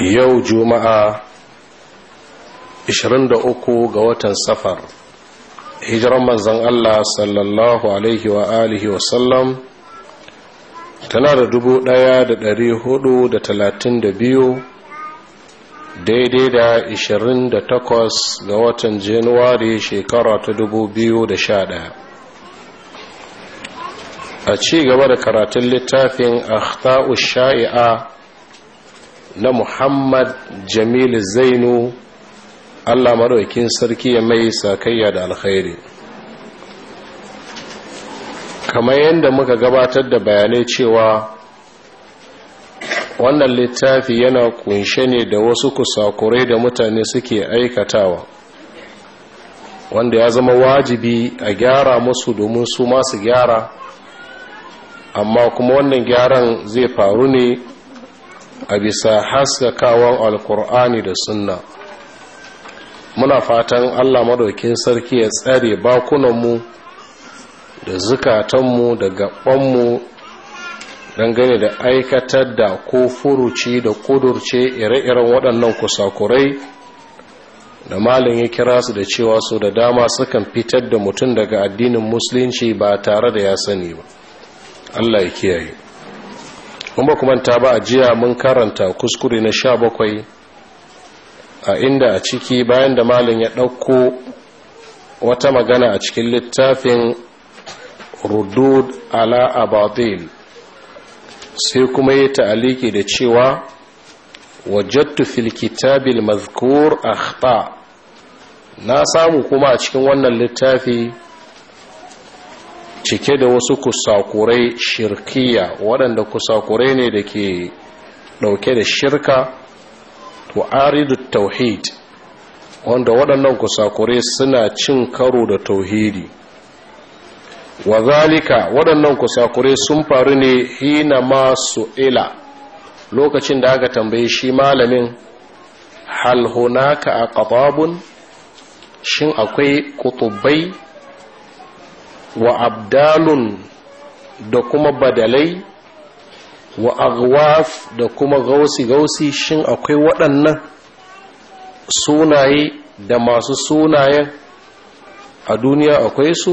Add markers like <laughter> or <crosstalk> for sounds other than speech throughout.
yau juma'a 23 ga watan safar hijiran manzan Allah sallallahu alaihi wa alihi wa sallam tana da biyu daidai da 28 ga watan januwari shekara ta 2011 a ci gaba da karatun littafin akhtau shai'a na muhammad jamil zainu allah maɗaukin sarki ya mai sakayya da alkhairi kamar yadda muka gabatar da bayanai cewa wannan littafi yana kunshe ne da wasu kusakurai da mutane suke aikatawa wanda ya zama wajibi a gyara musu domin su masu gyara amma kuma wannan gyaran zai faru ne a bisa haskakawan alkur'ani da sunna muna fatan allah madaukin sarki ya tsare bakunanmu da zukatanmu da gabanmu dangane da aikatar da ko furuci da kudurce ire-iren waɗannan kusakurai da malin ya kira su da cewa su da dama sukan fitar da mutum daga addinin musulunci ba tare da ya sani ba allah ya kiyaye mu kuma ta ba a jiya mun karanta kuskure na sha bakwai a inda a ciki bayan da malin ya ɗauko wata magana a cikin littafin rudud ala abadil sai kuma ya ta'aliki da cewa wajattu fil kitabil mazkur akhta na samu kuma a cikin wannan littafi cike da wasu kusakurai shirkiya waɗanda kusakurai ne da ke ɗauke da shirka to aridu tauhid wanda waɗannan kusakurai suna cin karo da tauhidi wa zalika waɗannan kusakurai sun faru ne hina masu ila lokacin da aka tambaye shi malamin hal hunaka a ƙababun shin akwai kutubai wa abdalun da kuma badalai wa agwaf da kuma gausi-gausi shin akwai waɗannan sunaye da masu sunayen a duniya akwai su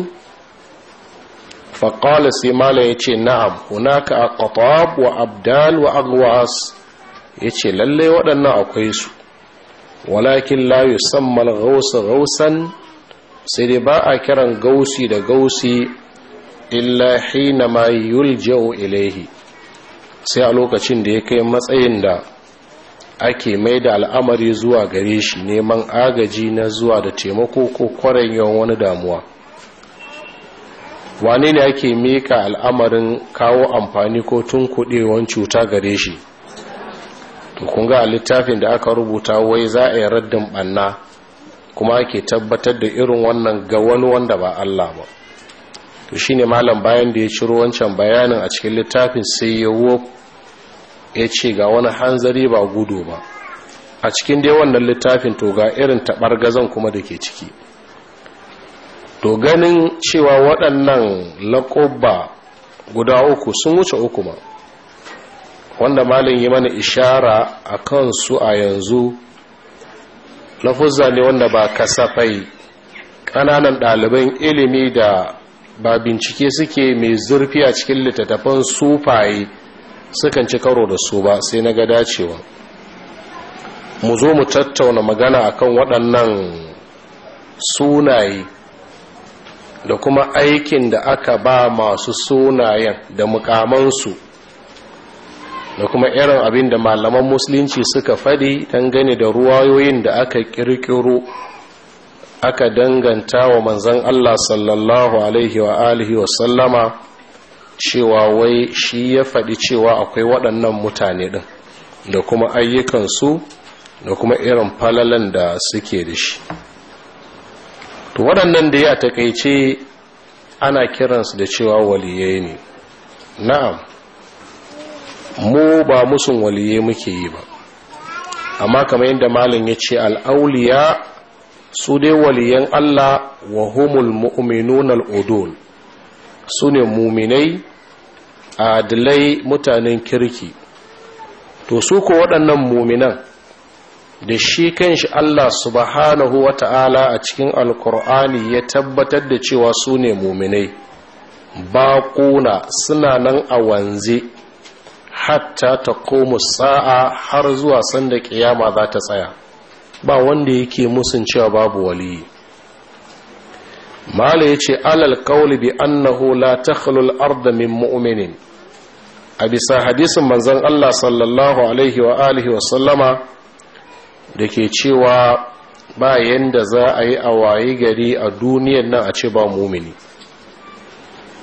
faƙala sai mala ya ce na'am hunaka a ƙatab wa abdal wa agwas ya ce lallai waɗannan akwai su walakin layu sammal gausa gausan sai dai ba a kiran gausi da gausi illa hina ma yulja'u ilaihi sai a lokacin da ya kai matsayin da ake mai da al'amari zuwa gare shi neman agaji na zuwa da taimako ko kwarin yawan wani damuwa wane ne ake mika al'amarin kawo amfani ko tun kudewan cuta gare shi to a littafin da aka rubuta wai za a yi raddin banna kuma ake tabbatar da irin wannan ga wani wanda ba Allah ba to shine malam bayan da ya ciro wancan bayanin a cikin littafin sai ya wo ya ce ga wani hanzari ba gudu ba a cikin dai wannan littafin to ga irin tabar gazan kuma da ke ciki to ganin cewa waɗannan laƙobba guda uku sun wuce uku ma wanda malin yi mana ishara a kansu a yanzu na lafuzza ne wanda ba kasafai ƙananan ɗaliban ilimi da ba bincike suke mai zurfi a cikin littattafan sufaye sukan ci karo da su ba sai na ga dacewa mu zo mu tattauna magana akan waɗannan sunaye da kuma aikin da aka ba masu sunayen da mukamansu da kuma irin abin da malaman musulunci suka faɗi gani da ruwayoyin da aka ƙirƙiru aka danganta wa manzan Allah sallallahu alaihi wa alihi wa sallama cewa wai shi ya faɗi cewa akwai waɗannan mutane ɗin da kuma ayyukansu da kuma irin falalan da suke da shi to waɗannan da ya taƙaice ana kiransu da cewa waliyai ne na'am mu ba musun waliye muke yi ba amma kamar yadda malin ya ce al'auliya su dai waliyan Allah wa humul mu'minun al'udun su ne muminai adilai mutanen kirki to su ko waɗannan muminan da shi kan shi Allah subhanahu wa ta'ala a cikin alkur'ani ya tabbatar da cewa su ne muminai baƙuna suna nan a wanze hatta ta komu sa'a har zuwa sanda kiyama za ta tsaya ba wanda yake musun cewa babu waliyi mala ya ce alal kauli bi annahu la takhlul arda min mu'minin a bisa hadisin manzon Allah sallallahu alaihi wa alihi wa sallama da ke cewa ba yanda za a yi a wayi gari a duniyan nan a ce ba mumini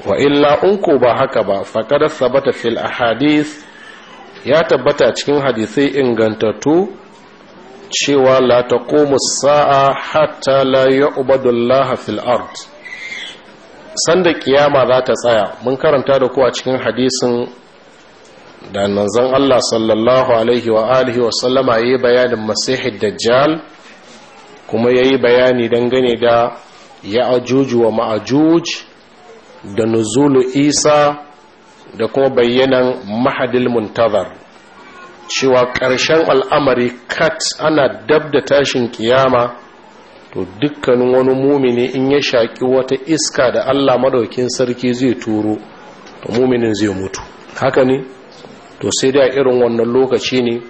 wa illa unku ba haka ba faqad thabata fil hadis. ya tabbata cikin hadisai ingantattu cewa la taqumu sa'a hatta la ya Allah fil ard sanda kiyama za ta tsaya mun karanta da ku a cikin hadisin da nanzan Allah sallallahu alaihi wa alihi wa sallama ya yi bayanin masihid dajjal kuma ya yi bayani dangane da ya wa Ma'ajuj da nuzulu isa da kuma bayyanan mahadil muntazar cewa ƙarshen al'amari kat ana dab da tashin kiyama to dukkanin wani mumini in ya shaƙi wata iska da allah madaukin sarki zai turo to muminin zai mutu haka ne to sai da irin wannan lokaci ne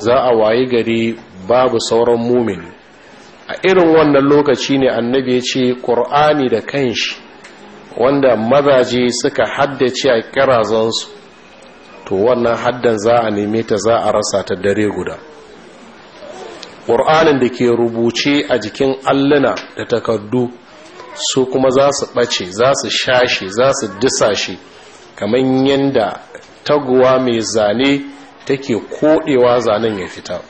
za a wayi gari babu sauran mumini a irin wannan lokaci ne annabi ya ce ƙur'ani da kanshi wanda mazaje suka haddace a kirazansu to wannan haddan za a neme ta za a rasa ta dare guda ƙur'anin da ke rubuce a jikin alluna da takardu su kuma za su ɓace za su shashe za su disashe kamar yadda taguwa mai zane take koɗewa zanen ya fita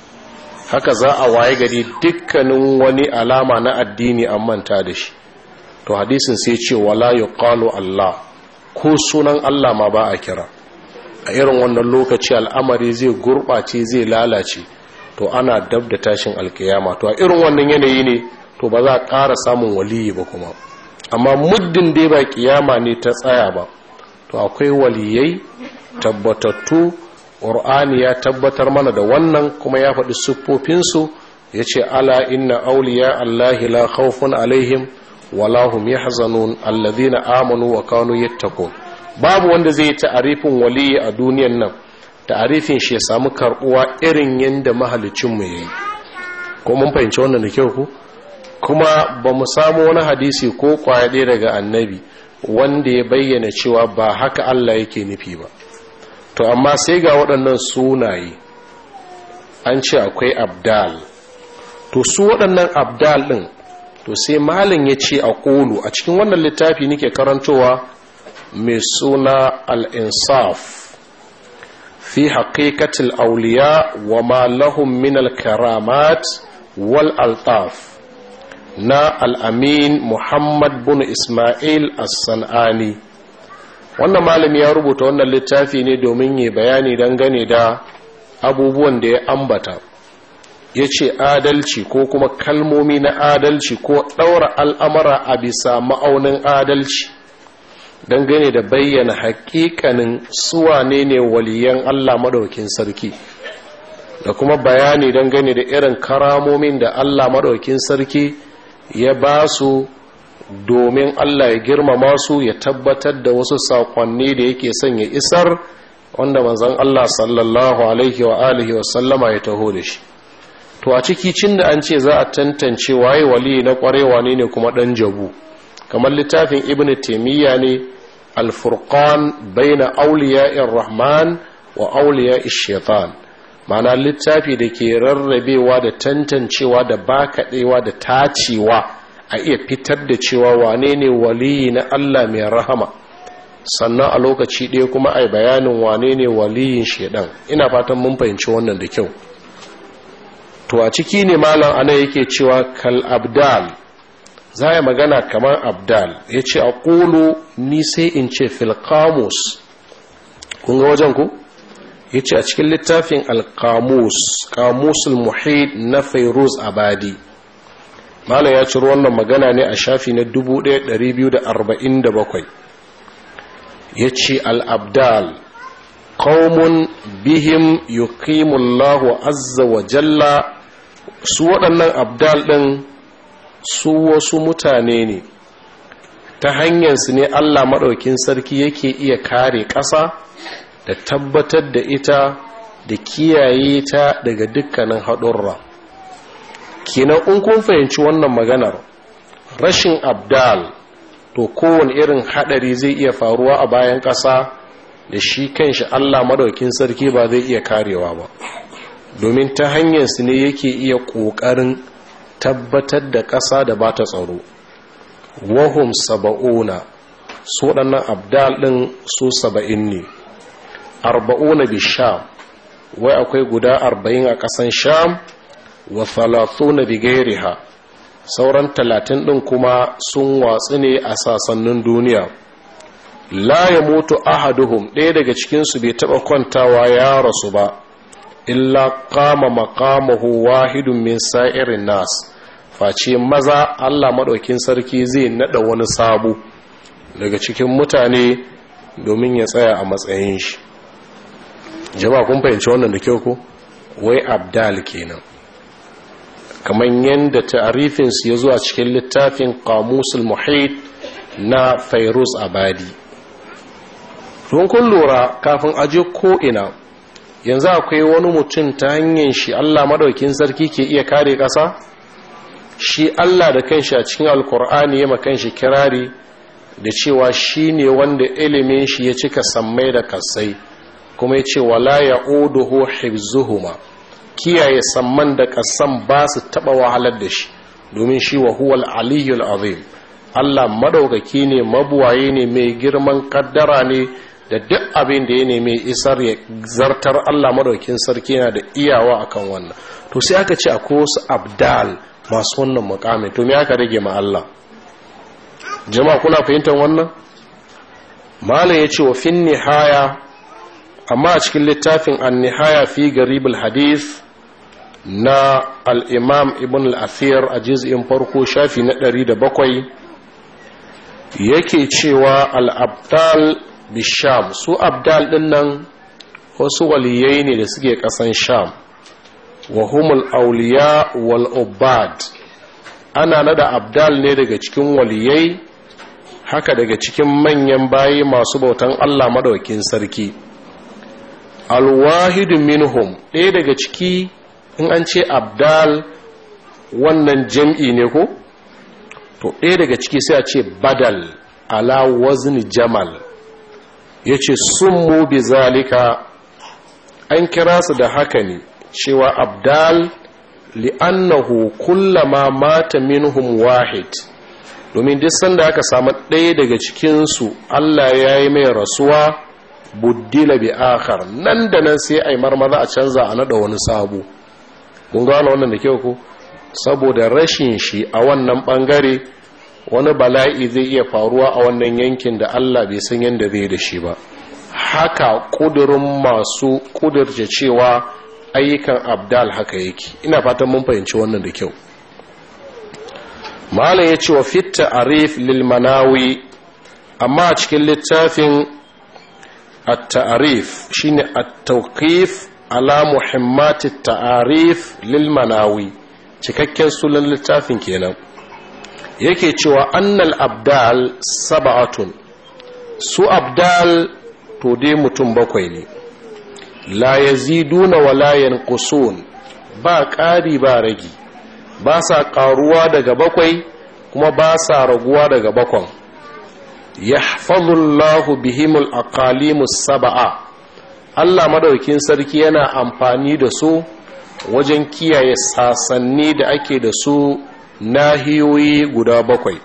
haka za a waye gari dukkanin wani alama na addini an manta da shi to hadisin sai ce wala yuqalu Allah ko sunan Allah ma ba a kira a irin wannan lokaci al'amari zai gurɓace zai lalace to ana dab da tashin alkiyama to a irin wannan yanayi ne to ba za a ƙara samun waliyi ba kuma amma muddin dai ba kiyama ne ta tsaya ba to akwai waliyai tabbatattu ƙur'ani ya tabbatar mana da wannan kuma ya faɗi siffofinsu ya ce ala inna auliya allahi la khawfun alaihim wala hum yahzanun alladhina amanu wa kanu yattaqun babu wanda zai ta'arifin wali a duniyar nan ta'arifin shi ya samu karbuwa irin yanda mahalicin mu yayi ko mun fahimci wannan da kyau ku kuma ba mu samu wani hadisi ko kwaya ɗaya daga annabi wanda ya bayyana cewa ba haka Allah yake nufi ba to amma sai ga waɗannan sunaye an ce akwai abdal to su waɗannan abdal ɗin to sai malin ya ce a kolu a cikin wannan littafi nake karantowa mai suna al'insaf fi haƙiƙatil auliya wa malahun minal min al-karamat wal altaf na al'amin muhammad bin ismail as-san'ani wannan malami ya rubuta wannan littafi ne domin yi bayani dangane da abubuwan da ya ambata ya ce adalci ko kuma kalmomi na adalci ko ɗaura al'amara a bisa ma'aunin adalci don gane da bayyana haƙiƙanin suwa ne waliyan Allah maɗaukin sarki da kuma bayani don gane da irin karamomin da Allah maɗaukin sarki ya ba su domin Allah ya girmama su ya tabbatar da wasu saƙonni da yake son ya isar wanda manzon Allah sallallahu alaihi wa alihi wa sallama ya taho da shi to a ciki cin da an ce za a tantance waye wali na kwarewa ne ne kuma dan jabu kamar littafin ibn taimiyya ne al-furqan baina auliya rahman wa auliya shaytan mana littafi da ke rarrabewa da tantancewa da bakaɗewa da tacewa a iya fitar da cewa wane ne waliyi na allah mai rahama sannan a lokaci ɗaya kuma a bayanin wane ne waliyin shaidan ina fatan mun fahimci wannan da kyau to a ciki ne malam ana yake cewa kal abdal za ya magana kamar abdal ya ce a ƙulu ni sai in ce filkamus kun wajen ku ya ce a cikin littafin alkamus kamusul muhid na fairuz abadi malam ya ciro wannan magana ne a shafi na 1247 ya ce al'abdal قوم bihim يقيم azza wa وجل su waɗannan abdal ɗin su wasu mutane ne ta hanyar su ne allah maɗaukin sarki yake iya kare ƙasa da tabbatar da ita da kiyaye ta daga dukkanin haɗurra kenan in kun fahimci wannan maganar rashin abdal to kowane irin haɗari zai iya faruwa a bayan ƙasa da shi kanshi allah maɗaukin sarki ba zai iya karewa ba domin ta hanyar su ne yake iya ƙoƙarin tabbatar da ƙasa da ba ta tsaro wahum saba'una su waɗannan abdal ɗin su saba'in ne arba'una bi sham wai akwai guda arba'in a ƙasan sham wa na bi gairiha sauran talatin ɗin kuma sun watsu ne a sassanin duniya la ya mutu ahaduhum ɗaya daga cikinsu bai taɓa kwantawa ya rasu ba illa kama makamahu wahidun min sa'irin nas face maza Allah maɗaukin sarki zai naɗa wani sabo daga cikin mutane domin ya tsaya a matsayin shi jama'a kun fahimci wannan da kyau ku? wai abdal kenan kamar yadda su ya zuwa cikin littafin qamusul muhit na fairuz abadi Tun kun lura kafin aje ko ina yanzu akwai wani mutum ta hanyar shi Allah madaukin sarki ke iya kare ƙasa shi Allah da kanshi a cikin alkur'ani ya shi kirari da cewa shi ne wanda ilimin shi ya cika sammai da kasai kuma ya ce wala ya odoho hibzuhuma kiyaye samman da kasan ba su taɓa wahalar da shi domin shi wa huwal aliyyul azim Allah madaukaki ne mabuwaye ne mai girman kaddara ne da duk abin da ya nemi isar ya zartar Allah madaukin sarki yana da iyawa akan wannan to sai aka ce akwai wasu abdal masu wannan mukamin to me aka rage ma Allah jama'a kuna fahimtar wannan malam yace wa fin nihaya amma a cikin littafin an-nihaya fi garibul hadith na al-imam ibn al-athir a juz'in farko shafi na 107 yake cewa al-abdal bisham su abdal din nan wasu waliyai ne da suke kasan sham wa humul auliya wal ubad ana nada abdal ne daga cikin waliyai haka daga cikin manyan bayi masu bautan Allah madaukin sarki alwahid minhum ɗaya daga ciki in an ce abdal wannan jam'i ne ko to ɗaya daga ciki sai a ce badal ala wazni jamal ya ce sun bi zalika an kira su da haka ne cewa abdal li'annahu kullama mata minhum wahid domin duk sanda aka samu ɗaya daga cikinsu allah ya yi mai rasuwa buddila bi akhar nan da nan sai a yi marmaza a canza a naɗa wani sabo mun gano wannan da kyau ko saboda rashin shi a wannan ɓangare wani bala'i zai iya faruwa a wannan yankin da Allah bai san yadda zai da shi ba haka kudurin masu kudurce cewa ayyukan abdal haka yake ina fatan mun fahimci wannan da kyau malam ya ce wa fitta arif lil manawi amma a cikin littafin at-ta'rif shine at-tawqif ala muhimmatit ta'arif lil manawi cikakken sunan littafin kenan yake cewa annal abdal saba'atun su abdal to dai mutum bakwai ne la yaziduna wala yanqusun ba ƙari ba ragi ba sa ƙaruwa daga bakwai kuma ba sa raguwa daga bakwan yahfazullahu bihimul aqalimus saba'a. Allah madaukin sarki yana amfani da su wajen kiyaye sasanni da ake da su nahiyoyi guda bakwai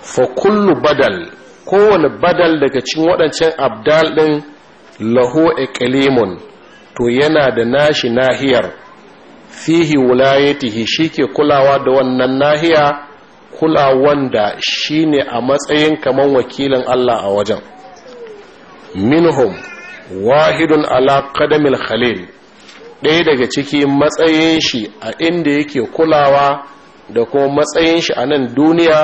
fa kullu badal kowane badal daga cikin waɗancan abdal ɗin laho ekelimun to yana da nashi nahiyar fihi wulayatihi shi ke kulawa da wannan nahiya kulawan da shi ne a matsayin kamar wakilin Allah a wajen minhum wahidun ala qadamil khalil ɗaya daga ciki matsayin shi a inda yake kulawa da kuma matsayin shi a nan duniya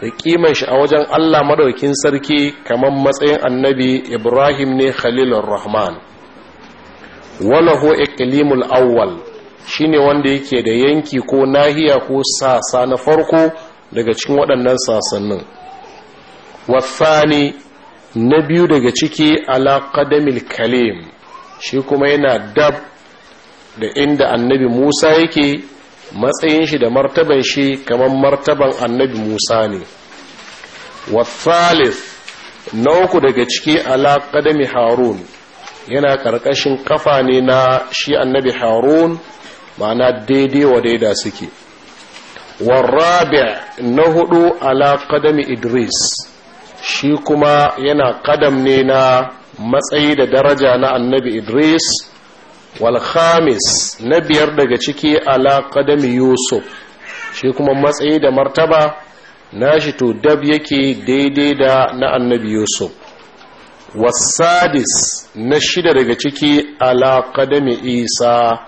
da kiman shi a wajen Allah madaukin sarki kamar matsayin annabi Ibrahim ne Khalilur Rahman walahu iqlimul awwal shine wanda yake da yanki ko nahiya ko sasa na farko daga cikin waɗannan sasannin wasani na biyu daga ciki ala qadamil kalim shi kuma yana dab da inda annabi Musa yake matsayin shi da martaban shi kamar martaban annabi musa ne wasalis na uku daga ciki ala kadami harun yana karkashin kafa ne na shi annabi harun ma'ana daidai wa daida suke Wa warrabi na hudu ala kadami idris shi kuma yana kadam ne na matsayi da daraja na annabi idris wal na biyar daga ciki ala yusuf shi kuma matsayi da martaba na shi to dab yake daidai da na annabi yusuf wasadis na shida daga ciki ala isa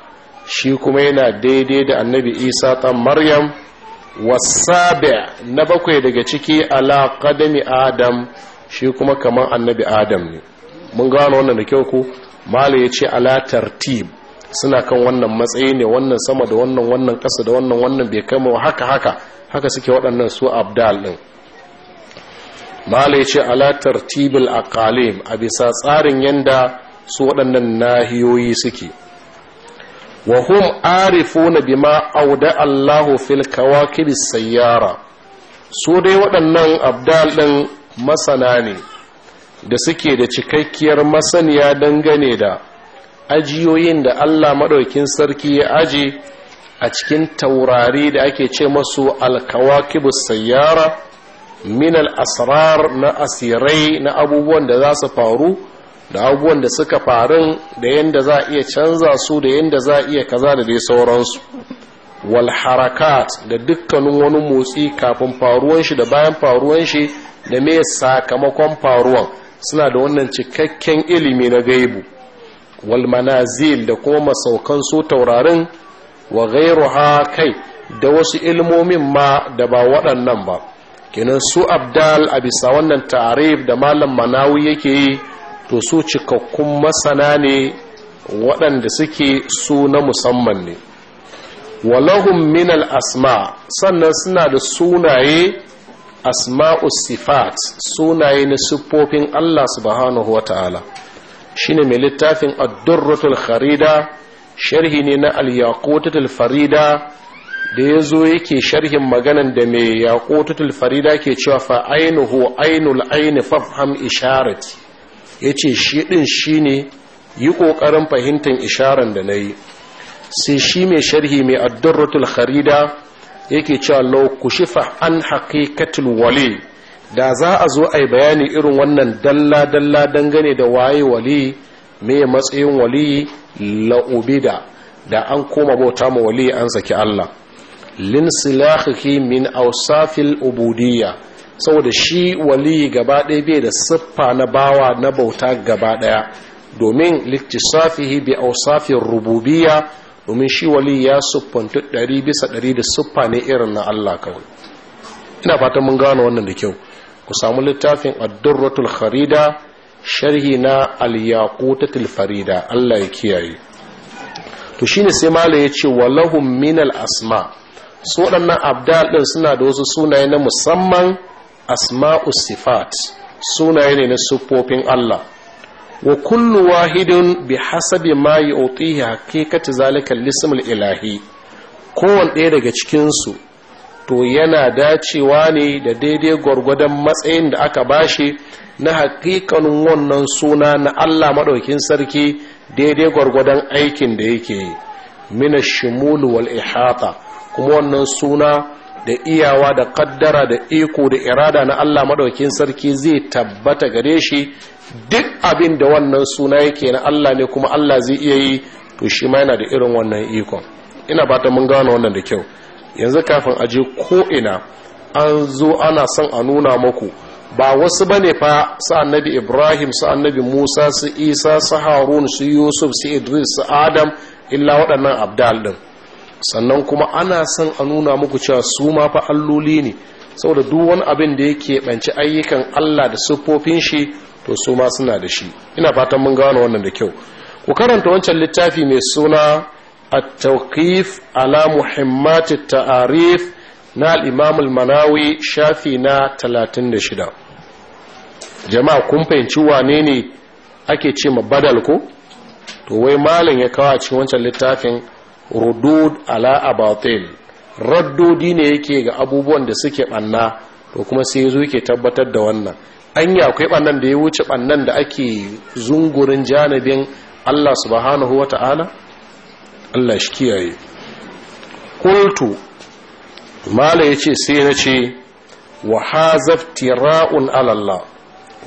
shi kuma yana daidai da annabi isa ɗan maryam wasabi na bakwai daga ciki ala adam shi kuma kamar annabi adam ne mun gano wannan da kyau ku malu ya ce ala tartib suna kan wannan matsayi ne wannan sama da wannan wannan kasa da wannan wannan bai kai mawa haka haka haka suke waɗannan su abdal ɗin malu ya ce ala tartibul aqalim a bisa tsarin yanda su waɗannan nahiyoyi suke wa hum arifuna bima auda Allahu fil kawakibis sayyara su dai waɗannan abdal ɗin masana ne da suke da cikakkiyar masaniya dangane da ajiyoyin da Allah maɗaukin sarki ya aje a cikin taurari da ake ce masu alkawakibus sayyara min asrar na asirai na abubuwan da za su faru da abubuwan da suka faru da yadda za a iya canza su da yadda za a iya kaza da dai sauransu wal harakat da dukkanin wani motsi kafin faruwan shi da bayan faruwan shi da me sakamakon faruwan suna da wannan cikakken ilimi na gaibu wal manazil da kuma masaukan su taurarin wa ha kai da wasu ilmomin ma da ba waɗannan ba kenan su abdal a bisa wannan tarif da malam manawi yake yi to su cikakkun masana ne waɗanda suke su na musamman ne walahun min asma sannan suna da sunaye asma'us sifat sunaye na siffofin Allah subhanahu wa ta'ala shine mai littafin ad-durratul kharida sharhi ne na al-yaqutatul farida da ya zo yake sharhin maganan da mai yaqutatul farida ke cewa fa ainihu ainul aini fafham isharat yace ce shi ɗin shi yi ƙoƙarin fahimtar isharar da nayi sai shi mai sharhi mai addurratul farida yake cewa law kushifa an haqiqatul wali da za a zo ai bayani irin wannan dalla dalla dangane da waye wali mai matsayin wali laubida da an koma bauta ma wali an saki Allah lin silahihi min awsafil ubudiyya saboda shi wali gaba ɗaya bai da siffa na bawa na bauta gaba ɗaya domin liktisafihi bi awsafir rububiyya domin shi wali ya sufantu ɗari bisa ɗari da siffa ne irin na Allah kawai ina fatan mun gano wannan da kyau ku samu littafin addurratul kharida sharhi na al-yaqutatul farida Allah ya kiyaye to shine sai mala yace walahum min al-asma su waɗannan abdal din suna da wasu sunaye na musamman asma'us sifat sunaye ne na siffofin Allah wa kullu wahidin bi hasabi ma yu'tihi haqiqatu zalika al-ism ilahi kowanne ɗaya daga cikin su to yana dacewa ne da daidai gwargwadon matsayin da aka bashi na hakikan wannan suna na Allah maɗaukin sarki daidai gwargwadon aikin da yake yi mina shimulu wal ihata kuma wannan suna da iyawa da kaddara da iko da irada na Allah madaukin sarki zai tabbata gare shi duk abin da wannan suna yake na Allah ne kuma Allah zai iya yi to shi ma yana da irin wannan ikon ina fata mun gano wannan da kyau yanzu kafin a je ko ina an zo ana son a nuna muku ba wasu bane fa su annabi ibrahim su annabi musa su isa su harun su yusuf su idris su adam illa waɗannan abdal din. sannan kuma ana son a nuna muku cewa su ma fa alloli ne saboda duk wani abin da yake banci ayyukan Allah da siffofin shi to su ma suna da shi ina fatan mun gano wannan da kyau ku karanta wancan littafi mai suna at-tawqif ala muhimmat at-ta'arif na al-imam al-manawi shafi na 36 jama'a kun fahimci wane ne ake ce ma badal ko to wai malam ya kawo a cikin wancan littafin rudud ala abatil raddodi ne yake ga abubuwan da suke banna to kuma sai yazo yake tabbatar da wannan anya akwai bannan da ya wuce bannan da ake zungurin janibin Allah subhanahu wata'ala Allah shi kiyaye kultu mala yace sai na ce wa hazaftira'un ala Allah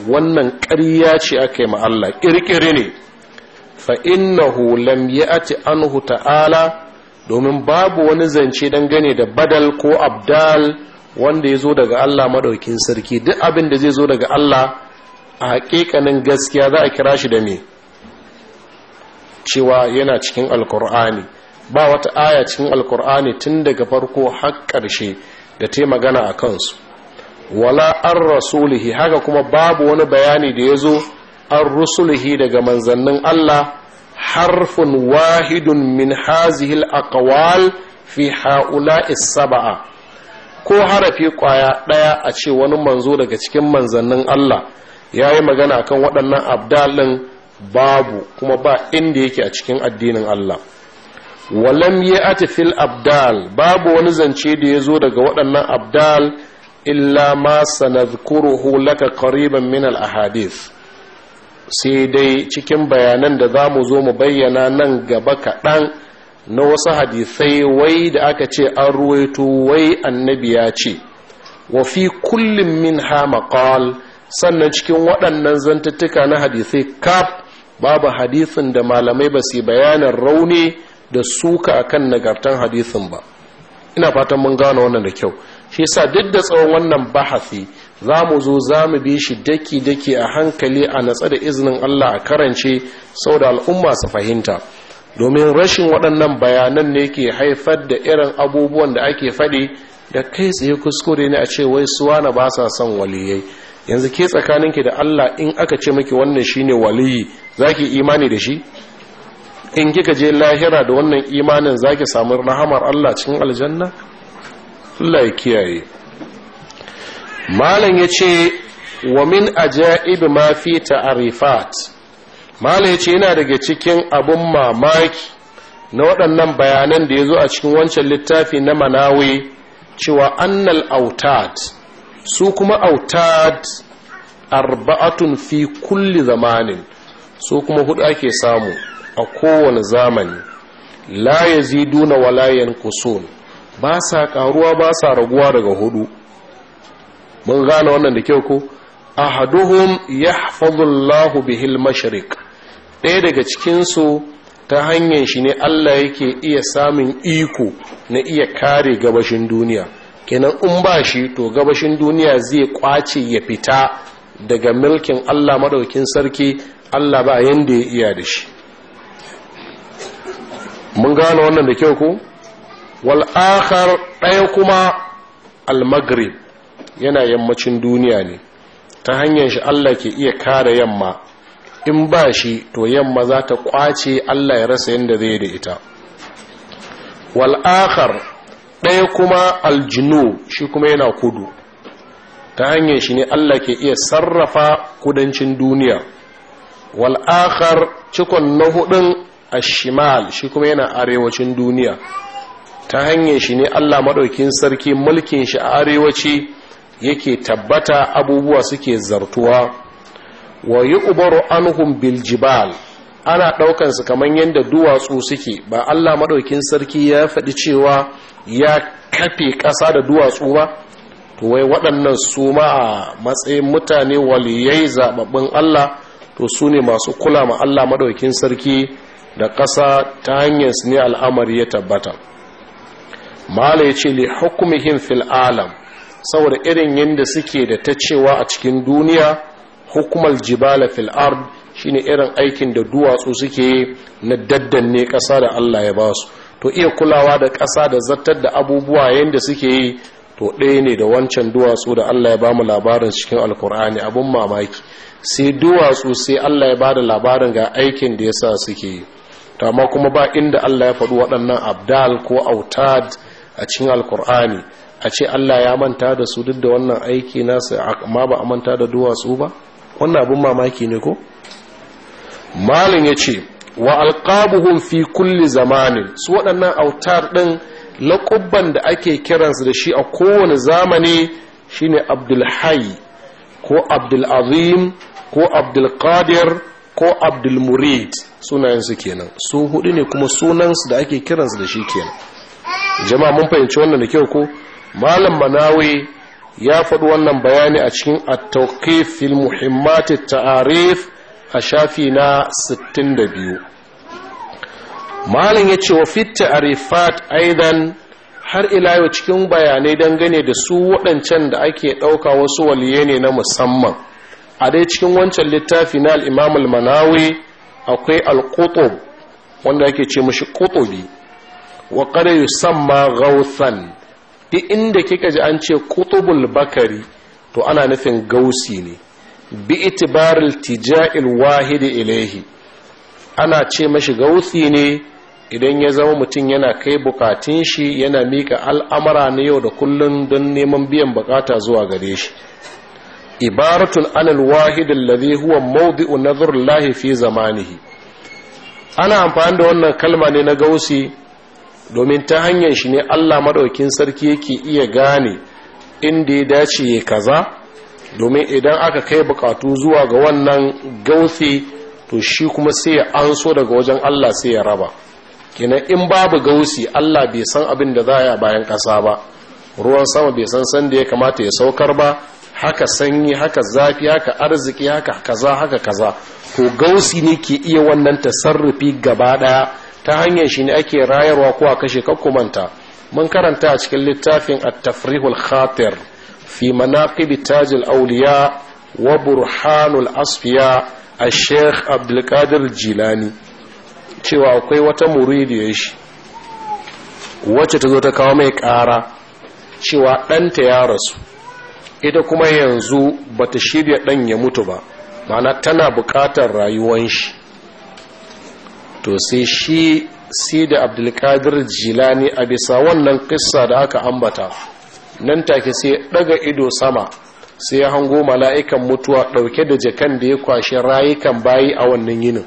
wannan ƙarya ce aka yi ma Allah ƙirƙiri ne fa innahu lam ya'ti anhu ta'ala domin babu wani zance dangane da badal ko abdal wanda ya zo daga Allah madaukin sarki duk abin da zai zo daga Allah a hakikanin gaskiya za a kira shi da me cewa yana cikin alkur'ani ba wata aya cikin alkur'ani tun daga farko har ƙarshe da ta magana a kansu wala an rasulihi haka kuma babu wani bayani da ya zo an rusulihi daga manzannin Allah harfin wahidun min hazihil aqwal fi ha'ula saba'a ko harafi kwaya ɗaya a ce wani manzo daga cikin manzannin Allah ya yi magana kan waɗannan abdalin babu kuma ba inda yake a cikin addinin Allah walam ya ati abdal babu wani zance da ya zo daga waɗannan abdal illa ma sanadkuruhu laka qariban min al ahadith sai dai cikin bayanan da za mu zo mu bayyana nan gaba kaɗan na wasu hadisai wai da aka ce an ruwaito wai annabi ya ce wa fi kullum min ha maƙal sannan cikin waɗannan zantattuka na hadisai kaf babu hadisin da malamai ba su bayanin rauni da suka akan nagartan hadisin ba ina fatan mun gano wannan da kyau shi yasa duk da tsawon wannan bahasi za mu zo za mu bi shi daki-daki a hankali a natsa da izinin Allah a karance sau da al'umma su fahimta domin rashin waɗannan bayanan ne ke haifar da irin abubuwan da ake faɗi da kai tsaye kuskure ne a ce wai suwana ba sa son waliyai yanzu ke tsakaninki da Allah in aka ce miki wannan shi ne waliyi ki imani da shi in kika je lahira da wannan imanin za ki samu rahamar Allah cikin aljanna Allah ya kiyaye malam ya ce wa min aja'ib ma fi ta'arifat malam ya ce yana daga cikin abun mamaki na waɗannan bayanan da ya zo a cikin wancan littafi na manawi cewa annal autad su kuma autat arba'atun fi kulli zamanin su kuma hudu ake samu a kowane zamani la yaziduna wala yanqusun ba sa karuwa ba sa raguwa daga hudu mun gane wannan da kyau ko ahaduhum yahfazu bihil mashriq ɗaya daga cikin su ta hanyar shi ne Allah yake iya samun iko na iya kare gabashin duniya kenan in ba shi to gabashin duniya zai kwace ya fita daga milkin Allah madaukin sarki Allah ba yanda ya iya da shi mun gane wannan da kyau ko wal akhar ɗaya kuma al maghrib yana yammacin duniya ne ta hanyar shi Allah ke iya kare yamma in ba shi to yamma za ta kwace Allah ya rasa yadda zai da ita wal'akar ɗaya kuma aljinu shi kuma yana kudu ta hanyar shi ne Allah ke iya sarrafa kudancin duniya wal'akar cikon na hudun a shimal shi kuma yana arewacin duniya ta hanyar shi ne Allah maɗaukin sarki mulkin shi a arewaci yake tabbata abubuwa suke zartuwa wa yi ubaru anuhun biljibal ana ɗaukansu kamar yadda duwatsu suke ba allah maɗaukin sarki ya faɗi cewa ya kafe ƙasa da duwatsu ba to wai waɗannan su ma a matsayin mutane waliyai zaɓaɓɓin allah to su ne masu kula ma allah maɗaukin sarki da ƙasa ta hanyar su ne al'amari ya tabbata Malam ya ce li hukumihin fil alam saboda irin yadda suke da ta cewa a cikin duniya hukumar jibala fil ard shine irin aikin da duwatsu suke na daddanne ƙasa da Allah ya ba su to iya kulawa da ƙasa da zartar da abubuwa yadda suke yi to ɗaya ne da wancan duwatsu da Allah ya ba mu labarin cikin alkur'ani abun mamaki sai duwatsu sai Allah ya ba da labarin ga aikin da ya sa suke yi to amma kuma ba inda Allah ya faɗi waɗannan abdal ko autad a cikin alkur'ani a ce Allah ya manta da su duk da wannan aiki nasu amma ba a manta da duwatsu ba wannan abin mamaki ne ko malin ya ce wa alqabuhum fi kulli zamanin su waɗannan autar ɗin laƙubban da ake kiransu da shi a kowane zamani shine abdulhai ko abdul abdulazim ko abdulkadir ko abdulmurid sunayensu kenan su hudu ne kuma sunansu da ake kiransu da shi kenan jama'a mun fahimci wannan da kyau ko malam manawi ya faɗi wannan bayani a cikin at-tawqif fil muhimmat taarif a shafi na 62 malam ya ce wa fit ta'rifat aidan har ila yau cikin bayanai dangane da su waɗancan da ake ɗauka wasu waliye ne na musamman a dai cikin wancan littafi na al-imam manawi akwai al-qutub wanda ake ce mashi qutubi wa qad yusamma gautan. duk inda kika ji an ce kutubul bakari to ana nufin gausi ne bi itibaril tija'il wahidi ilaihi ana ce mashi gausi ne idan ya zama mutum yana kai bukatun shi yana mika al'amara na yau da kullun don neman biyan bukata zuwa gare shi ibaratun anil wahidin ladhi huwa mawdi'u nadhrullahi fi zamanihi ana amfani da wannan kalma ne na gausi domin ta hanyar shi ne Allah maɗaukin sarki yake iya gane inda ya dace ya kaza domin idan aka kai bukatu zuwa ga wannan gausi to shi kuma sai ya anso daga wajen Allah sai ya raba Kina in babu gausi Allah bai san abin da za a yi bayan kasa ba ruwan sama bai san san da ya kamata ya saukar ba haka sanyi haka zafi haka arziki haka kaza haka kaza ko gausi ne ke iya wannan tasarrufi gaba daya ta hanyar shi ne ake rayarwa ko a kashe kakkumanta mun karanta a cikin littafin at-tafrihul khatir fi manaqib tajil awliya wa burhanul asfiya a sheikh abdulkadir jilani cewa akwai wata muridiyar shi wacce ta zo ta kawo mai ƙara cewa ɗanta ya rasu ita kuma yanzu ba ta shirya ɗan ya mutu ba mana tana buƙatar rayuwan shi to sai shi sai da abdulkadir jilani a bisa wannan kissa da aka ambata nan take sai daga ido sama sai ya hango mala'ikan mutuwa ɗauke da jakan da ya kwashe rayukan bayi a wannan yinin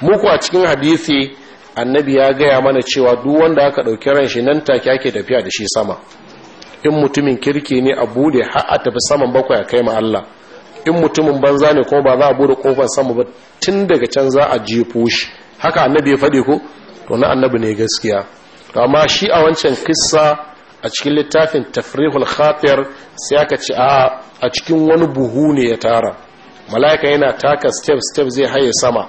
muku a cikin hadisi annabi ya gaya mana cewa duk wanda aka ɗauki ran shi nan take ake tafiya da shi sama in mutumin kirki ne a bude har a tafi saman bakwai a kai ma Allah in mutumin banza ne kuma ba za a bude kofar sama ba tun daga can za a jefo shi haka annabi ya faɗi ko to na annabi ne gaskiya to amma shi a wancan kissa a cikin littafin tafrihul khatir sai aka ce a a cikin wani buhu ne ya tara mala'ika yana taka step step zai haye sama